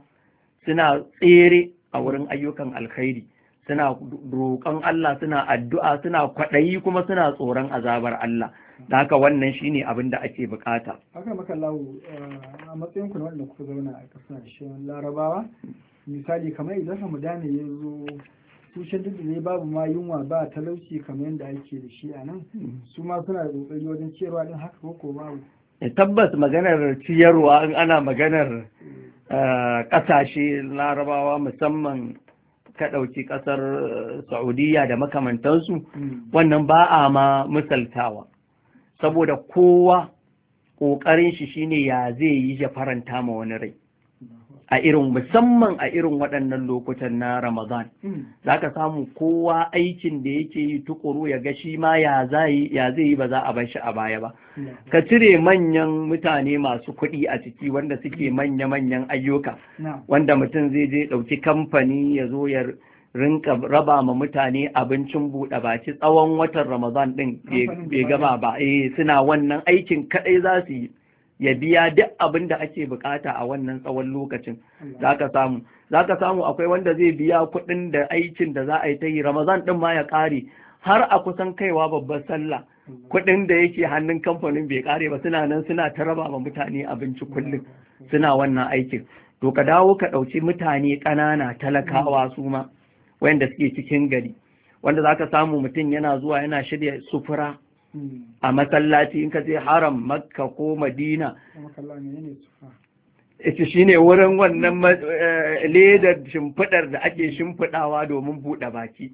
suna tsere a wurin ayyukan alkhairi suna roƙon Allah suna addu'a suna kwaɗayi kuma suna tsoron azabar Allah da haka wannan shine abin da ake bukata haka maka lawo a matsayin ku wanda kuka zauna a kasashen larabawa misali kamar idan mu dane ya zo tushen duk da babu ma yunwa ba talauci kamar yadda ake da shi a nan mm. su ma suna da kokari wajen ciyarwa din haka ko babu eh, tabbas maganar ciyarwa in ana maganar mm. eh, ƙasashe larabawa musamman ka ɗauki ƙasar eh, saudiya da makamantansu mm. wannan ba a ma misaltawa saboda kowa ƙoƙarin shi shine ya zai yi ya faranta ma wani rai a irin musamman a irin waɗannan lokutan na Ramadan hmm. za ka samu kowa aikin da yake yi tukuru ya ga shi ma ya zai yi ba za a bar shi a baya ba hmm. ka cire manyan mutane masu kuɗi a ciki wanda suke hmm. manya-manyan ayyuka wanda mutum zai je ɗauki kamfani ya zo ya rinka raba ma mutane abincin buɗe baki tsawon watan Ramadan ɗin bai gama ba eh suna wannan aikin kaɗai za su yi ya biya duk abin da ake bukata a wannan tsawon lokacin zaka samu zaka samu akwai wanda zai biya kuɗin da aikin da za a yi ta yi ramazan din ma ya kare har a kusan kaiwa babbar sallah kuɗin da yake hannun kamfanin bai kare ba suna nan suna ta raba ma mutane abinci kullum suna wannan aikin to ka dawo ka ɗauki mutane ƙanana talakawa mm. su ma wanda suke cikin gari wanda zaka samu mutum yana zuwa yana shirya sufura a masallaci in ka je haram makka ko madina ita shi ne wurin wannan eh, ledar shimfidar da ake shimfiɗawa domin buɗe baki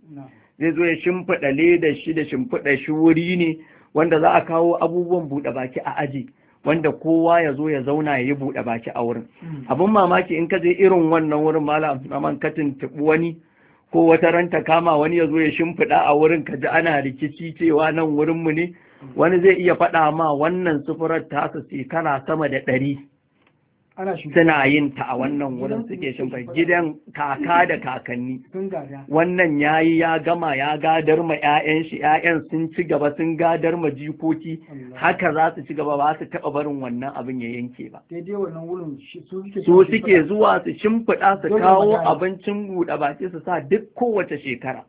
zai zo ya shimfiɗa ledar shi da shimfiɗa shi wuri ne wanda za a kawo abubuwan buɗe baki a aji wanda kowa ya zo ya zauna ya yi buɗe baki a wurin hmm. abin mamaki in ka je irin wannan wurin malam man katin wani ko wata ranta kama wani ya zo ya shimfiɗa a wurin ka ji ana rikici cewa nan wurinmu ne wani zai iya faɗa ma wannan sufurar tasa sai shekara sama da ɗari suna yin ta a wannan wurin suke shimfa gidan kaka da kakanni wannan ya yi ya gama ya gadar ma 'ya'yan shi 'ya'yan sun ci gaba sun gadar ma jikoki haka za su ci gaba ba su taɓa barin wannan abin ya yanke ba su suke zuwa su shimfiɗa su kawo abincin buɗe baki su sa duk kowace shekara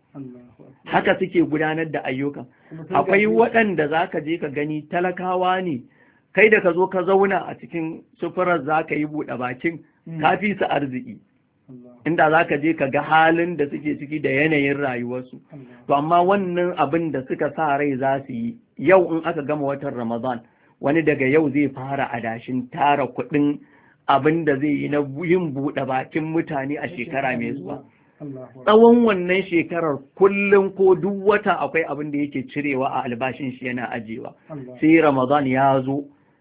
haka suke gudanar da ayyukan akwai waɗanda za ka je ka gani talakawa ne kai da ka zo ka zauna a cikin sufurar za ka yi buɗe bakin hmm. ka fi su arziki inda za ka je ka ga halin da suke ciki da yanayin rayuwarsu to amma wannan abin da suka sa rai za su yi yau in aka gama watan ramadan wani daga yau zai fara adashin tara kuɗin abin da zai yi na yin buɗe bakin mutane a shekara mai zuwa tsawon wannan shekarar kullum ko duk wata akwai abin da yake cirewa a albashin shi yana ajiyewa, sai ramadan ya zo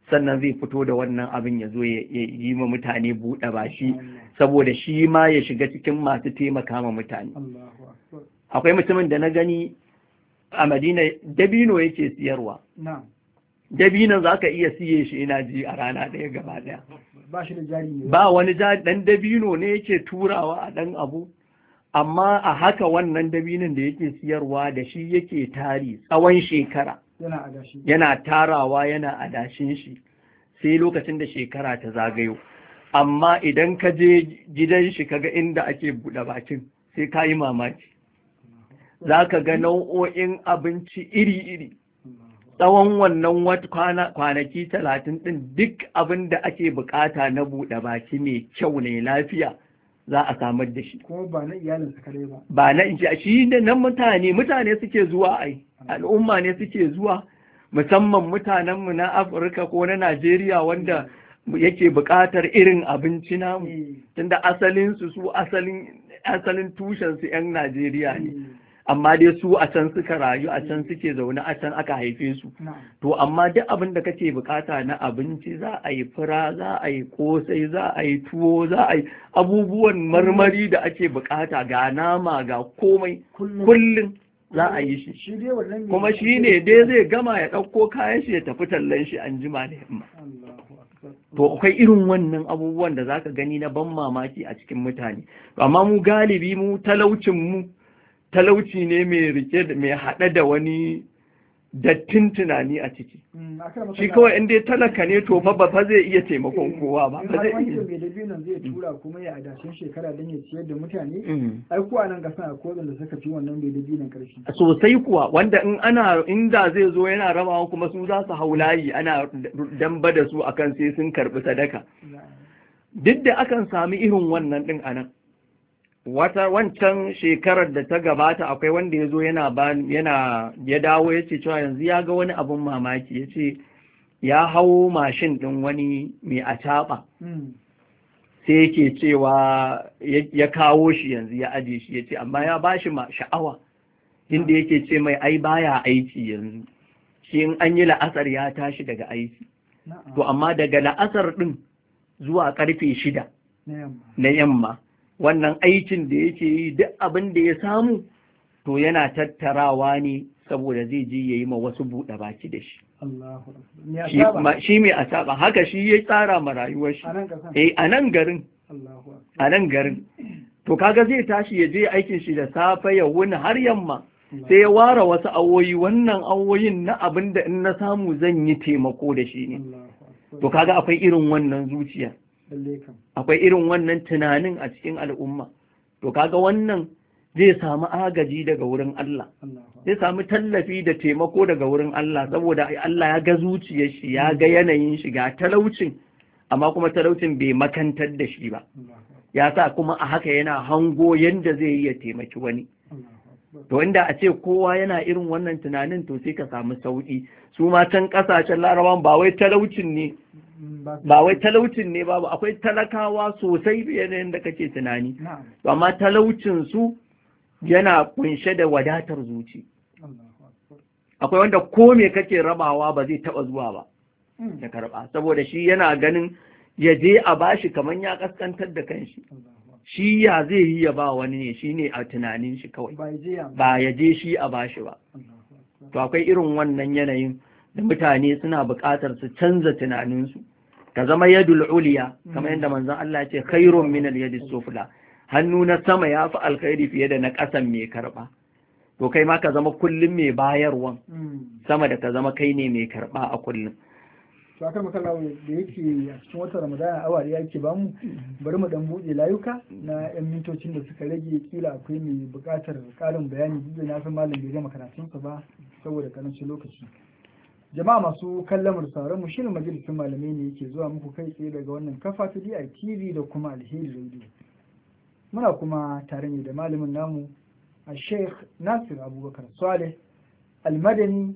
sannan zai fito da wannan abin ya zo ya yi ma mutane buɗe bashi saboda shi ma ya shiga cikin masu taimaka ma mutane akwai mutumin da na gani a madina dabino yake siyarwa Dabino za ka iya siye shi ina ji a rana ɗaya gaba ɗaya ba wani ɗan dabino ne yake turawa a ɗan abu amma a haka wannan dabinin da yake siyarwa da shi yake tari tsawon shekara yana tarawa yana adashin shi sai lokacin da shekara ta zagayo amma idan ka je gidan shi kaga inda ake buɗe bakin sai ka yi mamaki za ka ga nau'o'in abinci iri-iri tsawon wannan kwanaki talatin ɗin duk abin da ake bukata na buɗe baki mai kyau ne lafiya za a samar da shi kuma ba na iyalinsa kare ba ba na shi nan mutane mutane suke zuwa ai al'umma ne suke zuwa musamman mutanen mu na afirka ko na najeriya wanda yake buƙatar irin abinci namu eh. tunda asalinsu su asalin tushensu 'yan najeriya ne eh. amma dai su a can suka rayu a can suke zaune a can aka haife su to amma duk abin da kake bukata na abinci za a yi fura za a yi kosai za a yi tuwo za a yi abubuwan marmari da ake bukata ga nama ga komai kullum za a yi shi kuma shi ne dai zai gama ya ɗauko kayan shi ya tafi tallan shi an jima da to akwai irin wannan abubuwan da zaka gani na ban mamaki a cikin mutane amma mu galibi mu talaucin mu talauci ne mai rike mai haɗe da wani dattin tunani a ciki mm, shi kawai inda ya talaka ne to fa ba fa zai iya taimakon kowa ba ba zai iya mai dabinan zai tura kuma ya adashin shekara don ya ciyar da mutane mm. ai kuwa nan gasa a kodin da suka fi wannan mai nan karshe sosai kuwa wanda in ana inda zai zo yana rabawa kuma su za su hau layi ana damba da su akan sai sun karbi sadaka duk da akan sami irin wannan a anan wata wancan shekarar da ta gabata akwai wanda ya zo yana yana ya dawo ya ce cewa yanzu ya ga wani abun mamaki ya ce ya hau mashin ɗin wani mai acaɓa hmm. sai yake cewa ya kawo shi yanzu ya aje shi ya ce amma ya ba shi sha'awa inda yake ce mai ai baya aiki yanzu shi in an yi la'asar ya tashi daga aiki to amma daga la'asar ɗin zuwa ƙarfe shida na yamma wannan aikin da yake yi duk abin da ya samu to yana tattarawa ne saboda zai je ya yi ma wasu buɗe baki da shi shi mai asaba haka shi ya tsara ma rayuwar shi a nan eh, garin a nan garin to kaga zai tashi ya je aikin shi da safe ya wuni har yamma sai ya ware wasu awoyi wannan awoyin na abin da in na samu zan yi taimako da shi ne to kaga akwai irin wannan zuciya akwai irin wannan tunanin a cikin al'umma to kaga wannan zai samu agaji daga wurin Allah zai samu tallafi da taimako daga wurin Allah saboda Allah ya ga zuciyar shi ya ga yanayin shi ga talaucin amma kuma talaucin bai makantar da shi ba ya sa kuma a haka yana hango yadda zai yi ya taimaki wani to inda a ce kowa yana irin wannan tunanin to sai ka samu sauki su ma can kasashen larabawan ba wai talaucin ne ba wai talaucin ne ba akwai talakawa sosai fiye da yadda kake tunani amma talaucin su yana kunshe da wadatar zuci akwai wanda ko me kake rabawa ba zai taba zuwa ba da hmm. karba saboda shi yana ganin ya je a bashi kamar ya kaskantar da kanshi shi ya zai yi ya ba wani ne shi ne a tunanin shi kawai ba ya je shi a bashi ba to akwai irin wannan yanayin da mutane suna buƙatar su canza tunaninsu ta zama yadul uliya mm. kamar yadda manzon Allah ce khairun min al-yadi sufla hannu na sama yafi alkhairi fiye da na ƙasan mai karba to kai ma ka zama kullum mai bayarwan mm. sama da ka zama kai ne mai karba a kullum to akan da yake a cikin watan ramadana awa da yake bamu mm. bari mu dan buɗe layuka na yan mintocin da suka rage kila akwai mai buƙatar ƙarin bayani duk da na san malam bai gama karatunsa ba saboda karancin lokaci jama'a masu kallon mu mu shirin majalisun malamai ne yake zuwa muku kai tsaye daga wannan kafa ta tv da kuma Alheri Radio muna kuma tare ne da malamin namu a Sheikh Nasir Abubakar Saleh Almadani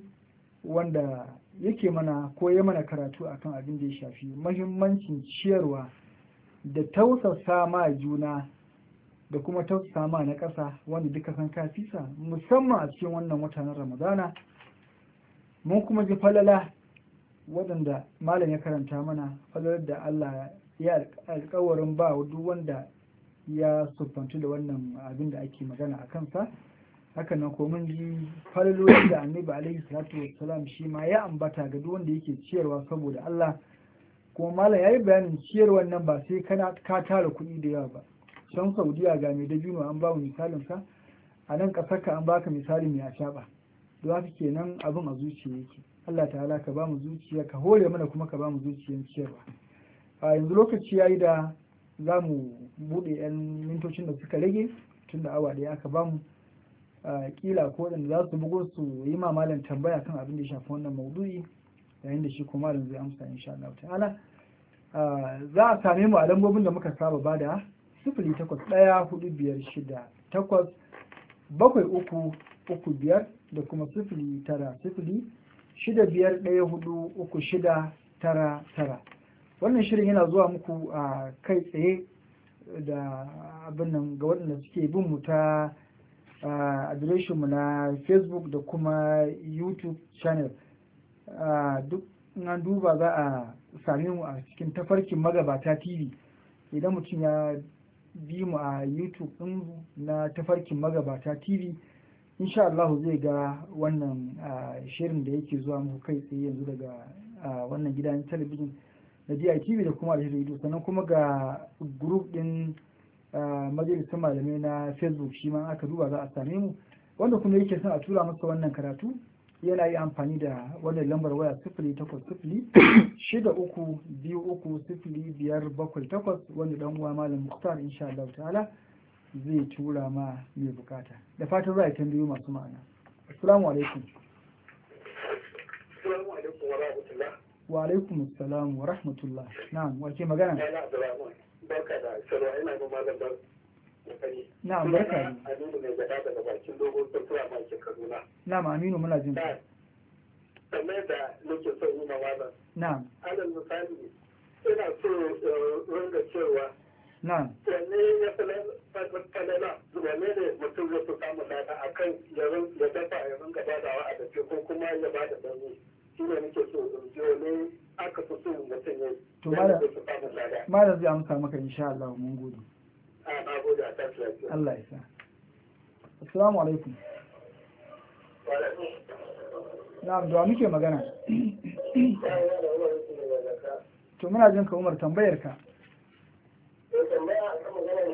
wanda yake mana ko ya mana karatu akan abin da ya shafi mahimmancin ciyarwa da tausasa ma juna da kuma tausasa ma na ƙasa wanda duka san kafisa musamman a cikin wannan watan Ramadana mun kuma ji falala waɗanda malam ya karanta mana falalar da Allah ya alkawarin ba duk wanda ya sufanci da wannan abin da ake magana a kansa haka nan ko mun ji falalolin da annabi alaihi salatu wassalam shi ma ya ambata ga duk wanda yake ciyarwa saboda Allah kuma malam yayi bayanin ciyarwar nan ba sai kana ka tara kuɗi da yawa ba can Saudiya ga mai dabino an ba mu misalin sa a nan ƙasarka an baka misali mai ba don kenan abin a zuciya yake Allah ta'ala ka ba mu zuciya ka hore mana kuma ka ba mu zuciyan ciyarwa a yanzu lokaci yayi da za mu buɗe 'yan mintocin da suka rage tun da awa daya aka bamu kila ko da za su bugo su yi mamalan tambaya kan abin da ya shafi wannan maudu'i yayin da shi kuma zai amsa insha Allah ta'ala za a same mu a lambobin da muka saba bada sifili takwas ɗaya hudu biyar shida takwas bakwai uku uku biyar da kuma sifili tara sifili shida biyar ɗaya hudu uku shida tara tara wannan shirin yana zuwa muku a kai tsaye da abin ga waɗanda suke bin mu ta mu na facebook da kuma youtube channel duk na duba za a same mu a cikin tafarkin magabata tv idan mutum ya bi mu a youtube ɗin na tafarkin magabata tv insha Allah zai ga wannan shirin da yake zuwa muku kai tsaye yanzu daga wannan gidan talabijin da DITV da kuma Alheri Radio sannan kuma ga group din majalisar malamai na Facebook shi ma aka duba za a same mu wanda kuma yake son a tura masa wannan karatu yana yi amfani da wannan lambar waya sifili takwas sifili shida uku biyu uku sifili biyar bakwai takwas wanda dan uwa malam Muktar insha Allah ta'ala zai tura ma mai bukata da fatan za a biyu masu ma'ana assalamu alaikum wa alaikum assalam wa rahmatullah na'am wa ke magana barka da sarwa ina ga na'am barka ne aminu ne gaba daga bakin dogon kultura ma ke kaduna na'am aminu muna jin ka kamar da nake so yi na'am alal misali ina so eh, ringa cewa Na'am. Wanne ya kalala wanne ne mutum ya fi samun lada a kan ya dafa ya rinka badawa a da ko kuma ya ba da dani. Shi ne nake so in ji wani aka fi so mutum ya to malam zai amsa maka insha Allah mun gode. A na gode a tashi lafiya. Allah ya sa. Assalamu alaikum. Na'am da muke magana. To muna jin ka Umar tambayar ka.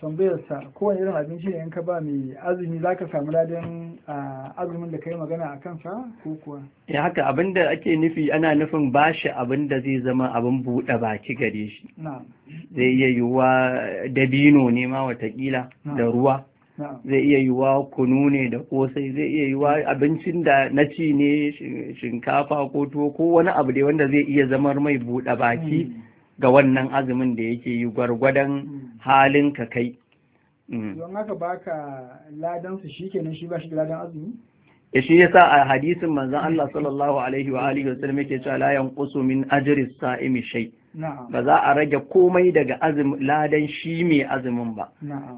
tambayarsa kowane irin abinci ne ka ba mai azumi za ka samu ladin azumin da ka yi magana a kansa ko kuwa? Ya eh, haka abinda ake nufi ana nufin ba shi abin da zai zama abin buɗe baki gare shi. Zai iya yiwuwa dabino ne ma watakila da ruwa. Zai iya yiwuwa kunu ne da kosai zai iya yiwuwa abincin da na ci ne shinkafa ko tuwo ko wani abu dai wanda zai iya zamar mai buɗe baki. Hmm. ga wannan azumin da yake yi gwargwadon mm. halin ka kai mm. don haka ba ka ladan su shikenan shi ba shi ladan azumi ya eh, shi yasa a hadisin manzan Allah sallallahu alaihi wa alihi wasallam yake cewa layan yanqusu min sa'imi shai. ba za a rage komai daga ladan shi mai azumin ba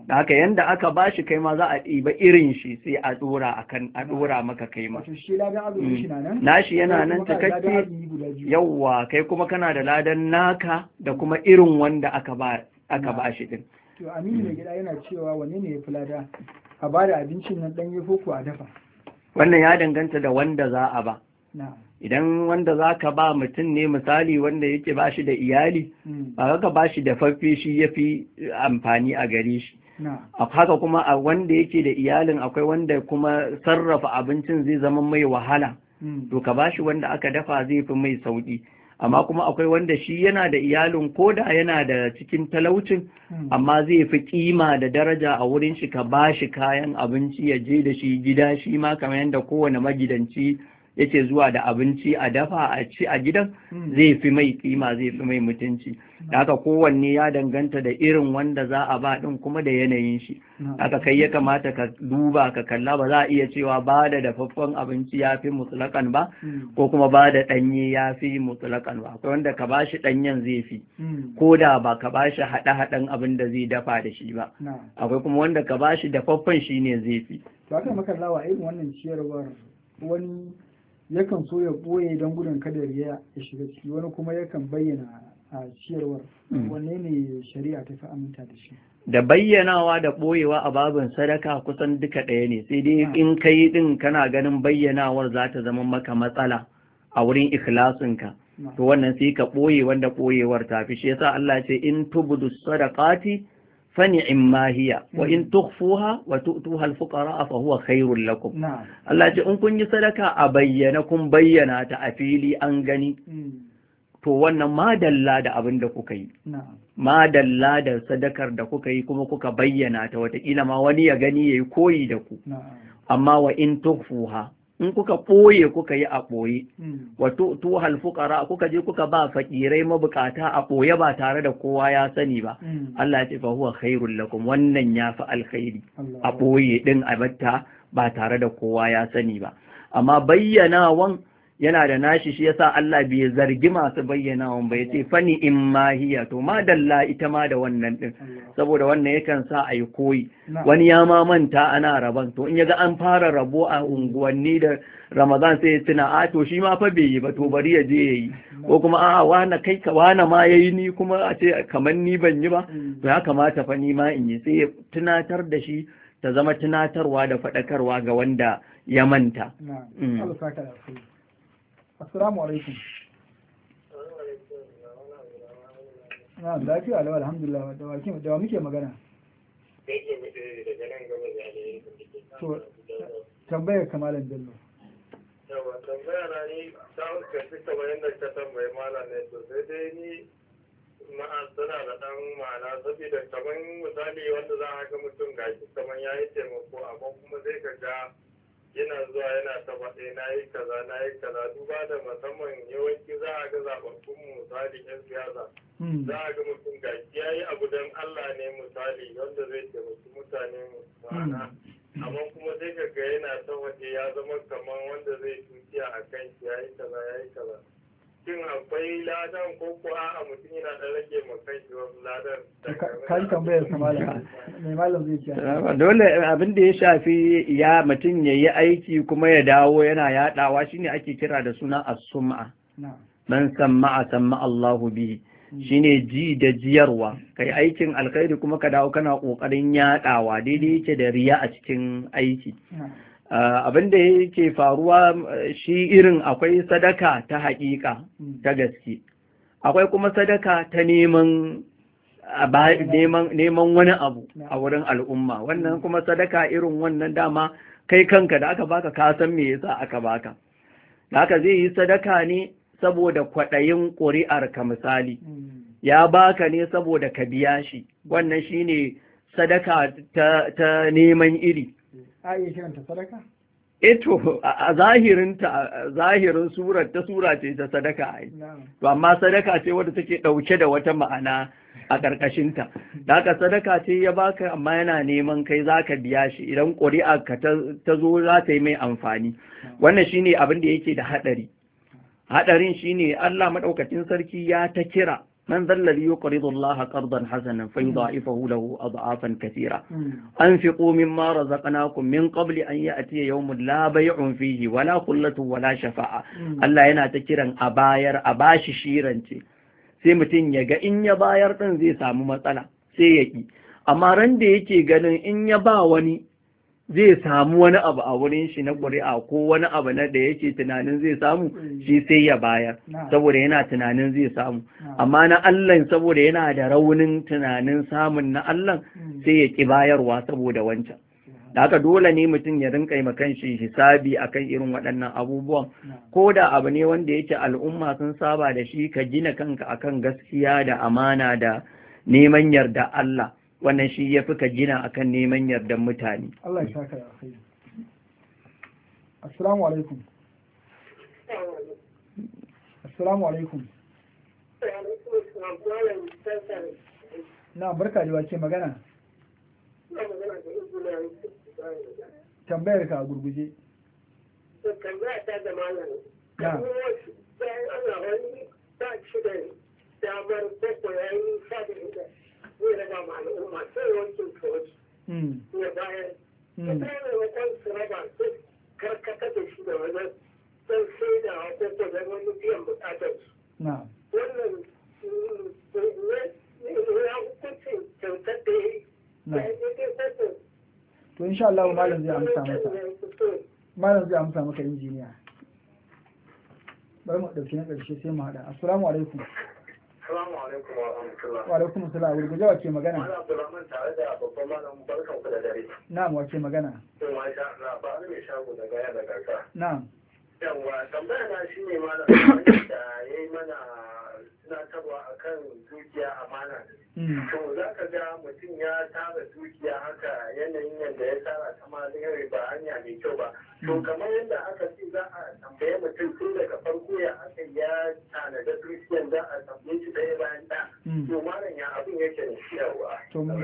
da haka yanda aka ba shi kai ma za a ɗiba irin shi sai a dora akan a dora maka kai ma na mm. shi yana nan cikakke yawwa kai kuma kana da ladan naka da kuma irin wanda aka ba aka bashi din to aminu mai mm. gida yana cewa wanne ne ya fi lada a ba da abincin nan ɗanye ko a dafa wannan ya danganta da wanda za a ba idan wanda za ka ba mutum ne misali wanda yake ba shi da iyali hmm. ba ka ba shi da faffe shi ya fi amfani a gare shi haka kuma a wanda yake da iyalin akwai wanda kuma sarrafa abincin zai zama mai wahala hmm. to ka ba shi wanda aka dafa zai fi mai sauki amma kuma akwai wanda shi yana da iyalin ko da yana da cikin talaucin hmm. amma zai fi kima da daraja a wurin shi ka ba shi kayan abinci ya je da shi gida shi ma kamar yadda kowane magidanci yake zuwa da abinci a dafa a ci a gidan hmm. zai fi mai kima zai fi mai mutunci da hmm. haka kowanne ya danganta da irin wanda za a ba din kuma da yanayin shi hmm. haka kai ya kamata ka duba ka kalla ba za a iya cewa ba da dafaffen abinci ya fi mutsulakan ba ko kuma ba da ɗanye ya fi mutsulakan ba akwai wanda ka ba shi ɗanyen zai fi ko da ba ka ba shi haɗe-haɗen abin da zai dafa da shi ba akwai kuma wanda ka ba shi dafaffen shi ne zai fi. kai ka makallawa irin wannan ciyarwar wani yakan so ya ɓoye don gudun kada riya ya shiga ciki wani kuma yakan bayyana a ciyarwar hmm. wanne ne shari'a ta fi aminta da shi da bayyanawa da ɓoyewa a babin sadaka kusan duka ɗaya ne sai dai hmm. in kai ɗin kana ganin bayyanawar za ta zama maka matsala a wurin ikhlasinka hmm. to wannan sai ka ɓoye wanda ɓoyewar ta fi shi yasa Allah ce in tubudu sadaqati فنعم ما هي وإن تخفوها وتؤتوها الفقراء فهو خير lakum Allah ce in kun yi sadaka a bayyana kun bayyana ta a fili an gani to wannan ma dalla da abin da kuka yi ma dalla da sadakar da kuka yi kuma kuka bayyana ta wataƙila ma wani ya gani ya yi koyi da ku amma wa in tukhfuha in kuka ɓoye kuka yi a ɓoye hmm. wato tu halfukara kuka je kuka ba fakirai mabukata a ɓoye ba tare da kowa ya sani ba hmm. Allah ya ce fa huwa khairul lakum wannan ya fi alkhairi a ɓoye din a batta ba tare da kowa ya sani ba amma bayyanawan yana da nashi shi yasa Allah bai zargi masu wa ba yace fani in mahiya to ma dalla ita ma da wannan din saboda wannan yakan sa ayi koyi wani ya ma manta ana raban to in yaga an fara rabo a unguwanni da Ramadan sai ya tuna a to shi ma fa bai yi ba to bari ya je yayi ko kuma a wani kai ka wani ma yayi ni kuma a ce kamar ni ban yi ba mm. to ya kamata fa ni ma in yi sai ya tunatar da shi ta zama tunatarwa da faɗakarwa ga wanda ya manta. Mm. assalamu alaikum na ah, lafiya alawa alhamdulillah da wakin da muke magana to tambayar kamalan jallo yawa tambaya na ni ta hukunci kamar yadda ka tambayi malam ne to sai dai ni ma'a suna da ɗan ma'ana saboda kamar misali wanda za a ga mutum gashi kamar ya yi taimako amma kuma zai ka ga yana zuwa yana ta faɗe na yi kaza na yi kaza duba da musamman yawanci za a ga zaɓaɓɓun misali yan siyasa hmm. za a ga mutum ga ya yi abu don Allah ne misali wanda zai taimaki mutane ma'ana hmm. amma kuma sai ka ga yana ta faɗe ya zama kamar wanda zai tuciya a kan ya yi kaza ya yi kaza shin akwai ladan ko kuwa a mutum yana da rage mutan ladan kai tambayar sa malam mai malam zai ce ah, dole abin da ya shafi ya mutum ya yi aiki kuma ya dawo yana yadawa shine ake kira da suna as-sum'a man sam'a sam'a Allahu bihi hmm. shine ji da jiyarwa kai aikin alkhairi kuma ka dawo kana ƙoƙarin yadawa daidai yake da riya a cikin aiki Ah, abin da yake faruwa shi irin akwai sadaka ta haƙiƙa ta gaske akwai kuma sadaka ta neman neman wani abu a wurin al'umma wannan kuma sadaka irin wannan dama kai kanka da aka baka ka san me yasa aka baka da aka zai yi sadaka ne saboda kwaɗayin ƙuri'ar ka misali ya baka ne saboda ka biya shi wannan shine sadaka ta neman iri Eh a a zahirin ta zahirin surar ta sura ce ta sadaka ai to amma sadaka ce wadda take ɗauke da wata ma'ana a ƙarƙashinta. ta haka sadaka ce ya baka amma yana neman kai zaka biya shi idan ƙuri'a ka ta zo za ta yi mai amfani wannan shine abin da yake da hadari hadarin shine Allah madaukakin sarki ya ta kira من ذا الذي يقرض الله قرضا حسنا فيضاعفه له أضعافا كثيرة أنفقوا مما رزقناكم من قبل أن يأتي يوم لا بيع فيه ولا خلة ولا شفاعة الله yana ta kiran a bayar a bashi shiranci sai mutum ya ga in ya bayar ɗin zai samu matsala sai ya ƙi amma ran da yake ganin in ya ba wani zai samu wani abu a wurin shi na ƙuri'a ko wani abu na da yake tunanin zai samu mm. shi sai ya bayar saboda yana tunanin zai samu amma na Allah saboda yana da raunin tunanin samun na Allah mm. sai ya ki bayarwa saboda wancan da haka dole ne mutum ya rinka yi makan shi hisabi akan irin waɗannan abubuwan ko da abu ne wanda yake al'umma sun saba da shi ka gina kanka akan gaskiya da amana da neman yarda Allah wannan shi ya fuka ka gina akan neman yardan mutane Allah ya saka alkhairi assalamu alaikum assalamu alaikum na barka da wace magana tambayar ka a gurguje Tambayar ta da malam na bayan Allah wani ba shi da damar bakwai yayin sa zai raba ma al'umma sai wankin ka wasu hmm. ya bayar hmm. ka tare wajen su raba karkata da shi da wajen don shaidawa ko ko don wani biyan bukatar su wannan mm, mm, mm, ya hukuncin kyautar da yi ya yi dai to insha Allah malam zai amsa masa malam zai amsa maka injiniya bari mu dauki na karshe sai mu hada assalamu alaikum Salamu alaikum wa rahmatullah. Wa alaikum salam wa rahmatullah. Wace magana? Ana Abdulrahman tare da babban malamin barkan ku da dare. Na'am wace magana? To ma sha Allah ba ni mai shago da gaya da garka. Na'am. Yawwa tambaya na shine malamin da yayi mana taba a kan dukiya amana hmm. to za ka ga mutum ya tara dukiya haka yanayin yadda ya tara ta ma zai ba hanya mai kyau ba to hmm. kamar yadda aka ce za a tambaye mutum tun daga farko ya aka ya tanada dukiyan za a tambaye shi ɗaya bayan ɗa hmm. to malam ya abin yake da ciyarwa. to mu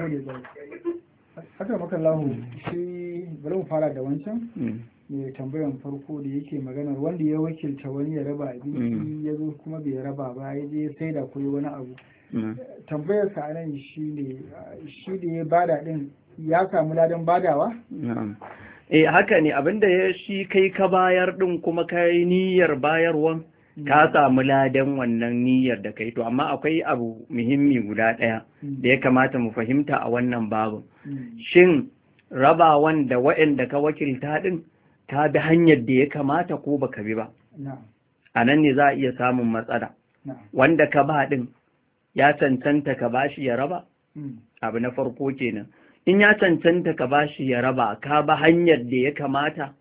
shi bari mu fara da wancan mai tambayan farko da yake maganar wanda ya wakilta wani ya raba abinci mm. ya zo kuma bai raba ba ya je sai da koyi wani abu mm. tambayar sa nan shi ne shi da ya bada din ya samu ladan badawa eh haka ne abinda ya shi kai ka bayar din kuma ka yi niyyar bayarwan mm. ka samu ladan wannan niyyar da kai to amma akwai abu muhimmi guda ɗaya da ya kamata mu fahimta a wannan babu shin rabawan da waɗanda ka wakilta din ta bi hanyar da ya kamata ko baka bi ba a nan ne za a iya samun matsala wanda ka ba din ya cancanta ka bashi ya raba hmm. abu na farko kenan in ya cancanta ka bashi ya raba ka ba hanyar da ya kamata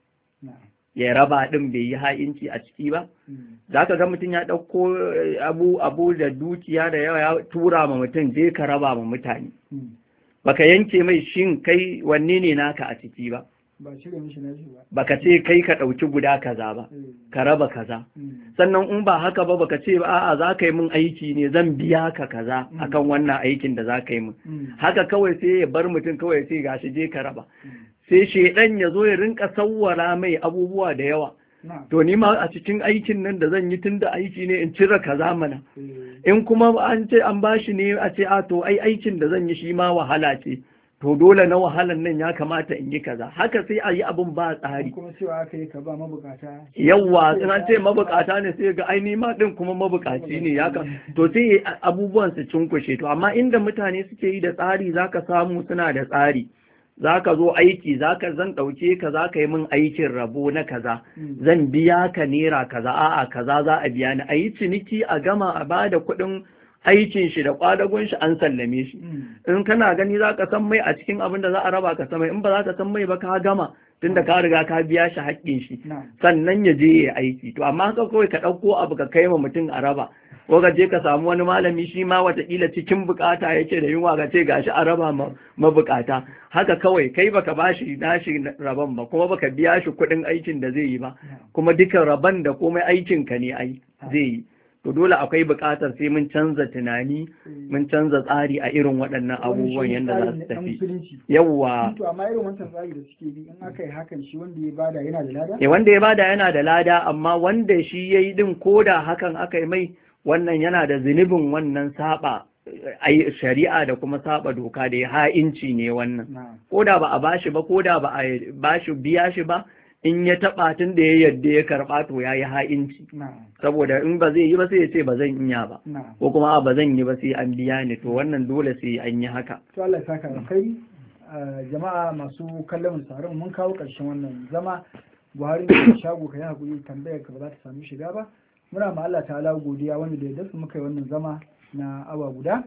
ya raba din bai yi ha'inci a ciki ba hmm. za ka ga mutum ya ɗauko eh, abu abu da dukiya da yawa ya tura ma mutum je ka raba ma mutane hmm. baka yanke mai shin kai wanne ne naka a ciki ba ba ka ce kai ka ɗauki guda kaza ba eh. ka raba kaza hmm. sannan in ba haka ba baka ce ba, a'a za ka yi min aiki ne zan biya ka kaza hmm. akan wannan aikin da za ka yi min hmm. haka kawai sai ya bar mutum kawai sai ga shi je ka raba sai shaidan ya zo ya rinka sawwara mai abubuwa da yawa to ni ma a cikin aikin nan da zan yi tun da aiki ne in cire kaza mana eh. in kuma an ce an bashi ne a ce a to ai aikin da zan yi shi ma wahala ce to dole na wahalan nan ya kamata in yi kaza haka sai a yi abin ba tsari kuma cewa aka yi ka ba mabukata yawa suna ce mabukata ne sai ga aini ma din kuma mabukaci ne ya to sai abubuwan su cinkushe to amma inda mutane suke yi da tsari zaka samu suna da tsari zaka zo aiki zaka zan dauke ka zaka yi min aikin rabo na kaza hmm. zan biya ka nera kaza a'a kaza za a biya ni a yi ciniki a gama a bada kuɗin aikin shi da kwadagon shi an sallame shi hmm. in kana gani za ka san mai a cikin abin da za a raba ka samai in ba za ka san mai ba ka gama tunda ka riga ka biya shi haƙƙin shi hmm. sannan ya je ya aiki to amma haka kawai ka ɗauko abu ka kai ma mutum a raba ko ka je ka samu wani malami shi ma watakila cikin bukata yake da yunwa ka ce ga shi a raba ma mabukata haka kawai kai baka bashi nashi raban ba kuma baka biya shi kuɗin aikin da zai yi ba hmm. kuma duka raban da komai aikin ka ne ai zai yi to dole akwai buƙatar sai mun canza tunani mun canza tsari a irin waɗannan abubuwan yadda za su tafi yawwa to amma irin wancan tsari da suke bi in aka yi hakan shi wanda ya bada yana da lada eh wanda ya bada yana da lada amma wanda shi yayi din koda hakan aka yi mai wannan yana da zunubin wannan saba eh, shari'a da kuma saba doka da ya ha'inci ne wannan koda ba a bashi ba koda ba a bashi biya shi ba in ya taɓa tun da ya yadda ya karɓa to ya yi ha'inci saboda in ba zai yi ba sai ya ce ba zan iya ba ko kuma ba zan yi ba sai an biya ni to wannan dole sai an yi haka to Allah ya saka kai jama'a masu kallon tsarin mun kawo ƙarshen wannan zama Buhari ne shago ka yi hakuri tambayar ka ba za ta samu shiga ba muna ma Allah ta'ala godiya wanda da ya dasu muka yi wannan zama na awa guda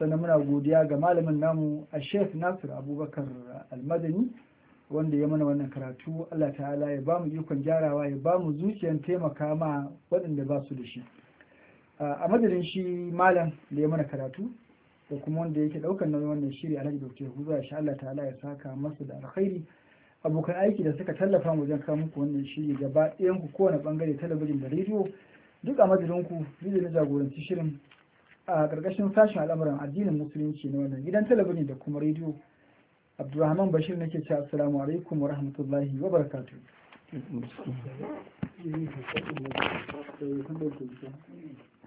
sannan muna godiya ga malamin namu a Sheikh Nasir Abubakar Almadani wanda ya mana wannan karatu Allah ta'ala ya ba mu ikon jarawa, ya ba mu zuciyar taimaka ma waɗanda ba su da shi a madadin shi malam da ya mana karatu da kuma wanda yake ɗaukar nauyin wannan shiri a alhaji dr yahuza sha Allah ta'ala ya saka masa da alkhairi abokan aiki da suka tallafa mu wajen kawo muku wannan shiri gaba ɗayan ku kowane bangare talabijin da rediyo duk a madadin ku ni na jagoranci shirin a ƙarƙashin sashen al'amuran addinin musulunci na wannan gidan talabijin da kuma rediyo abdurrahman bashir ke cewa assalamu alaikum wa rahmatullahi wa barakatu Thank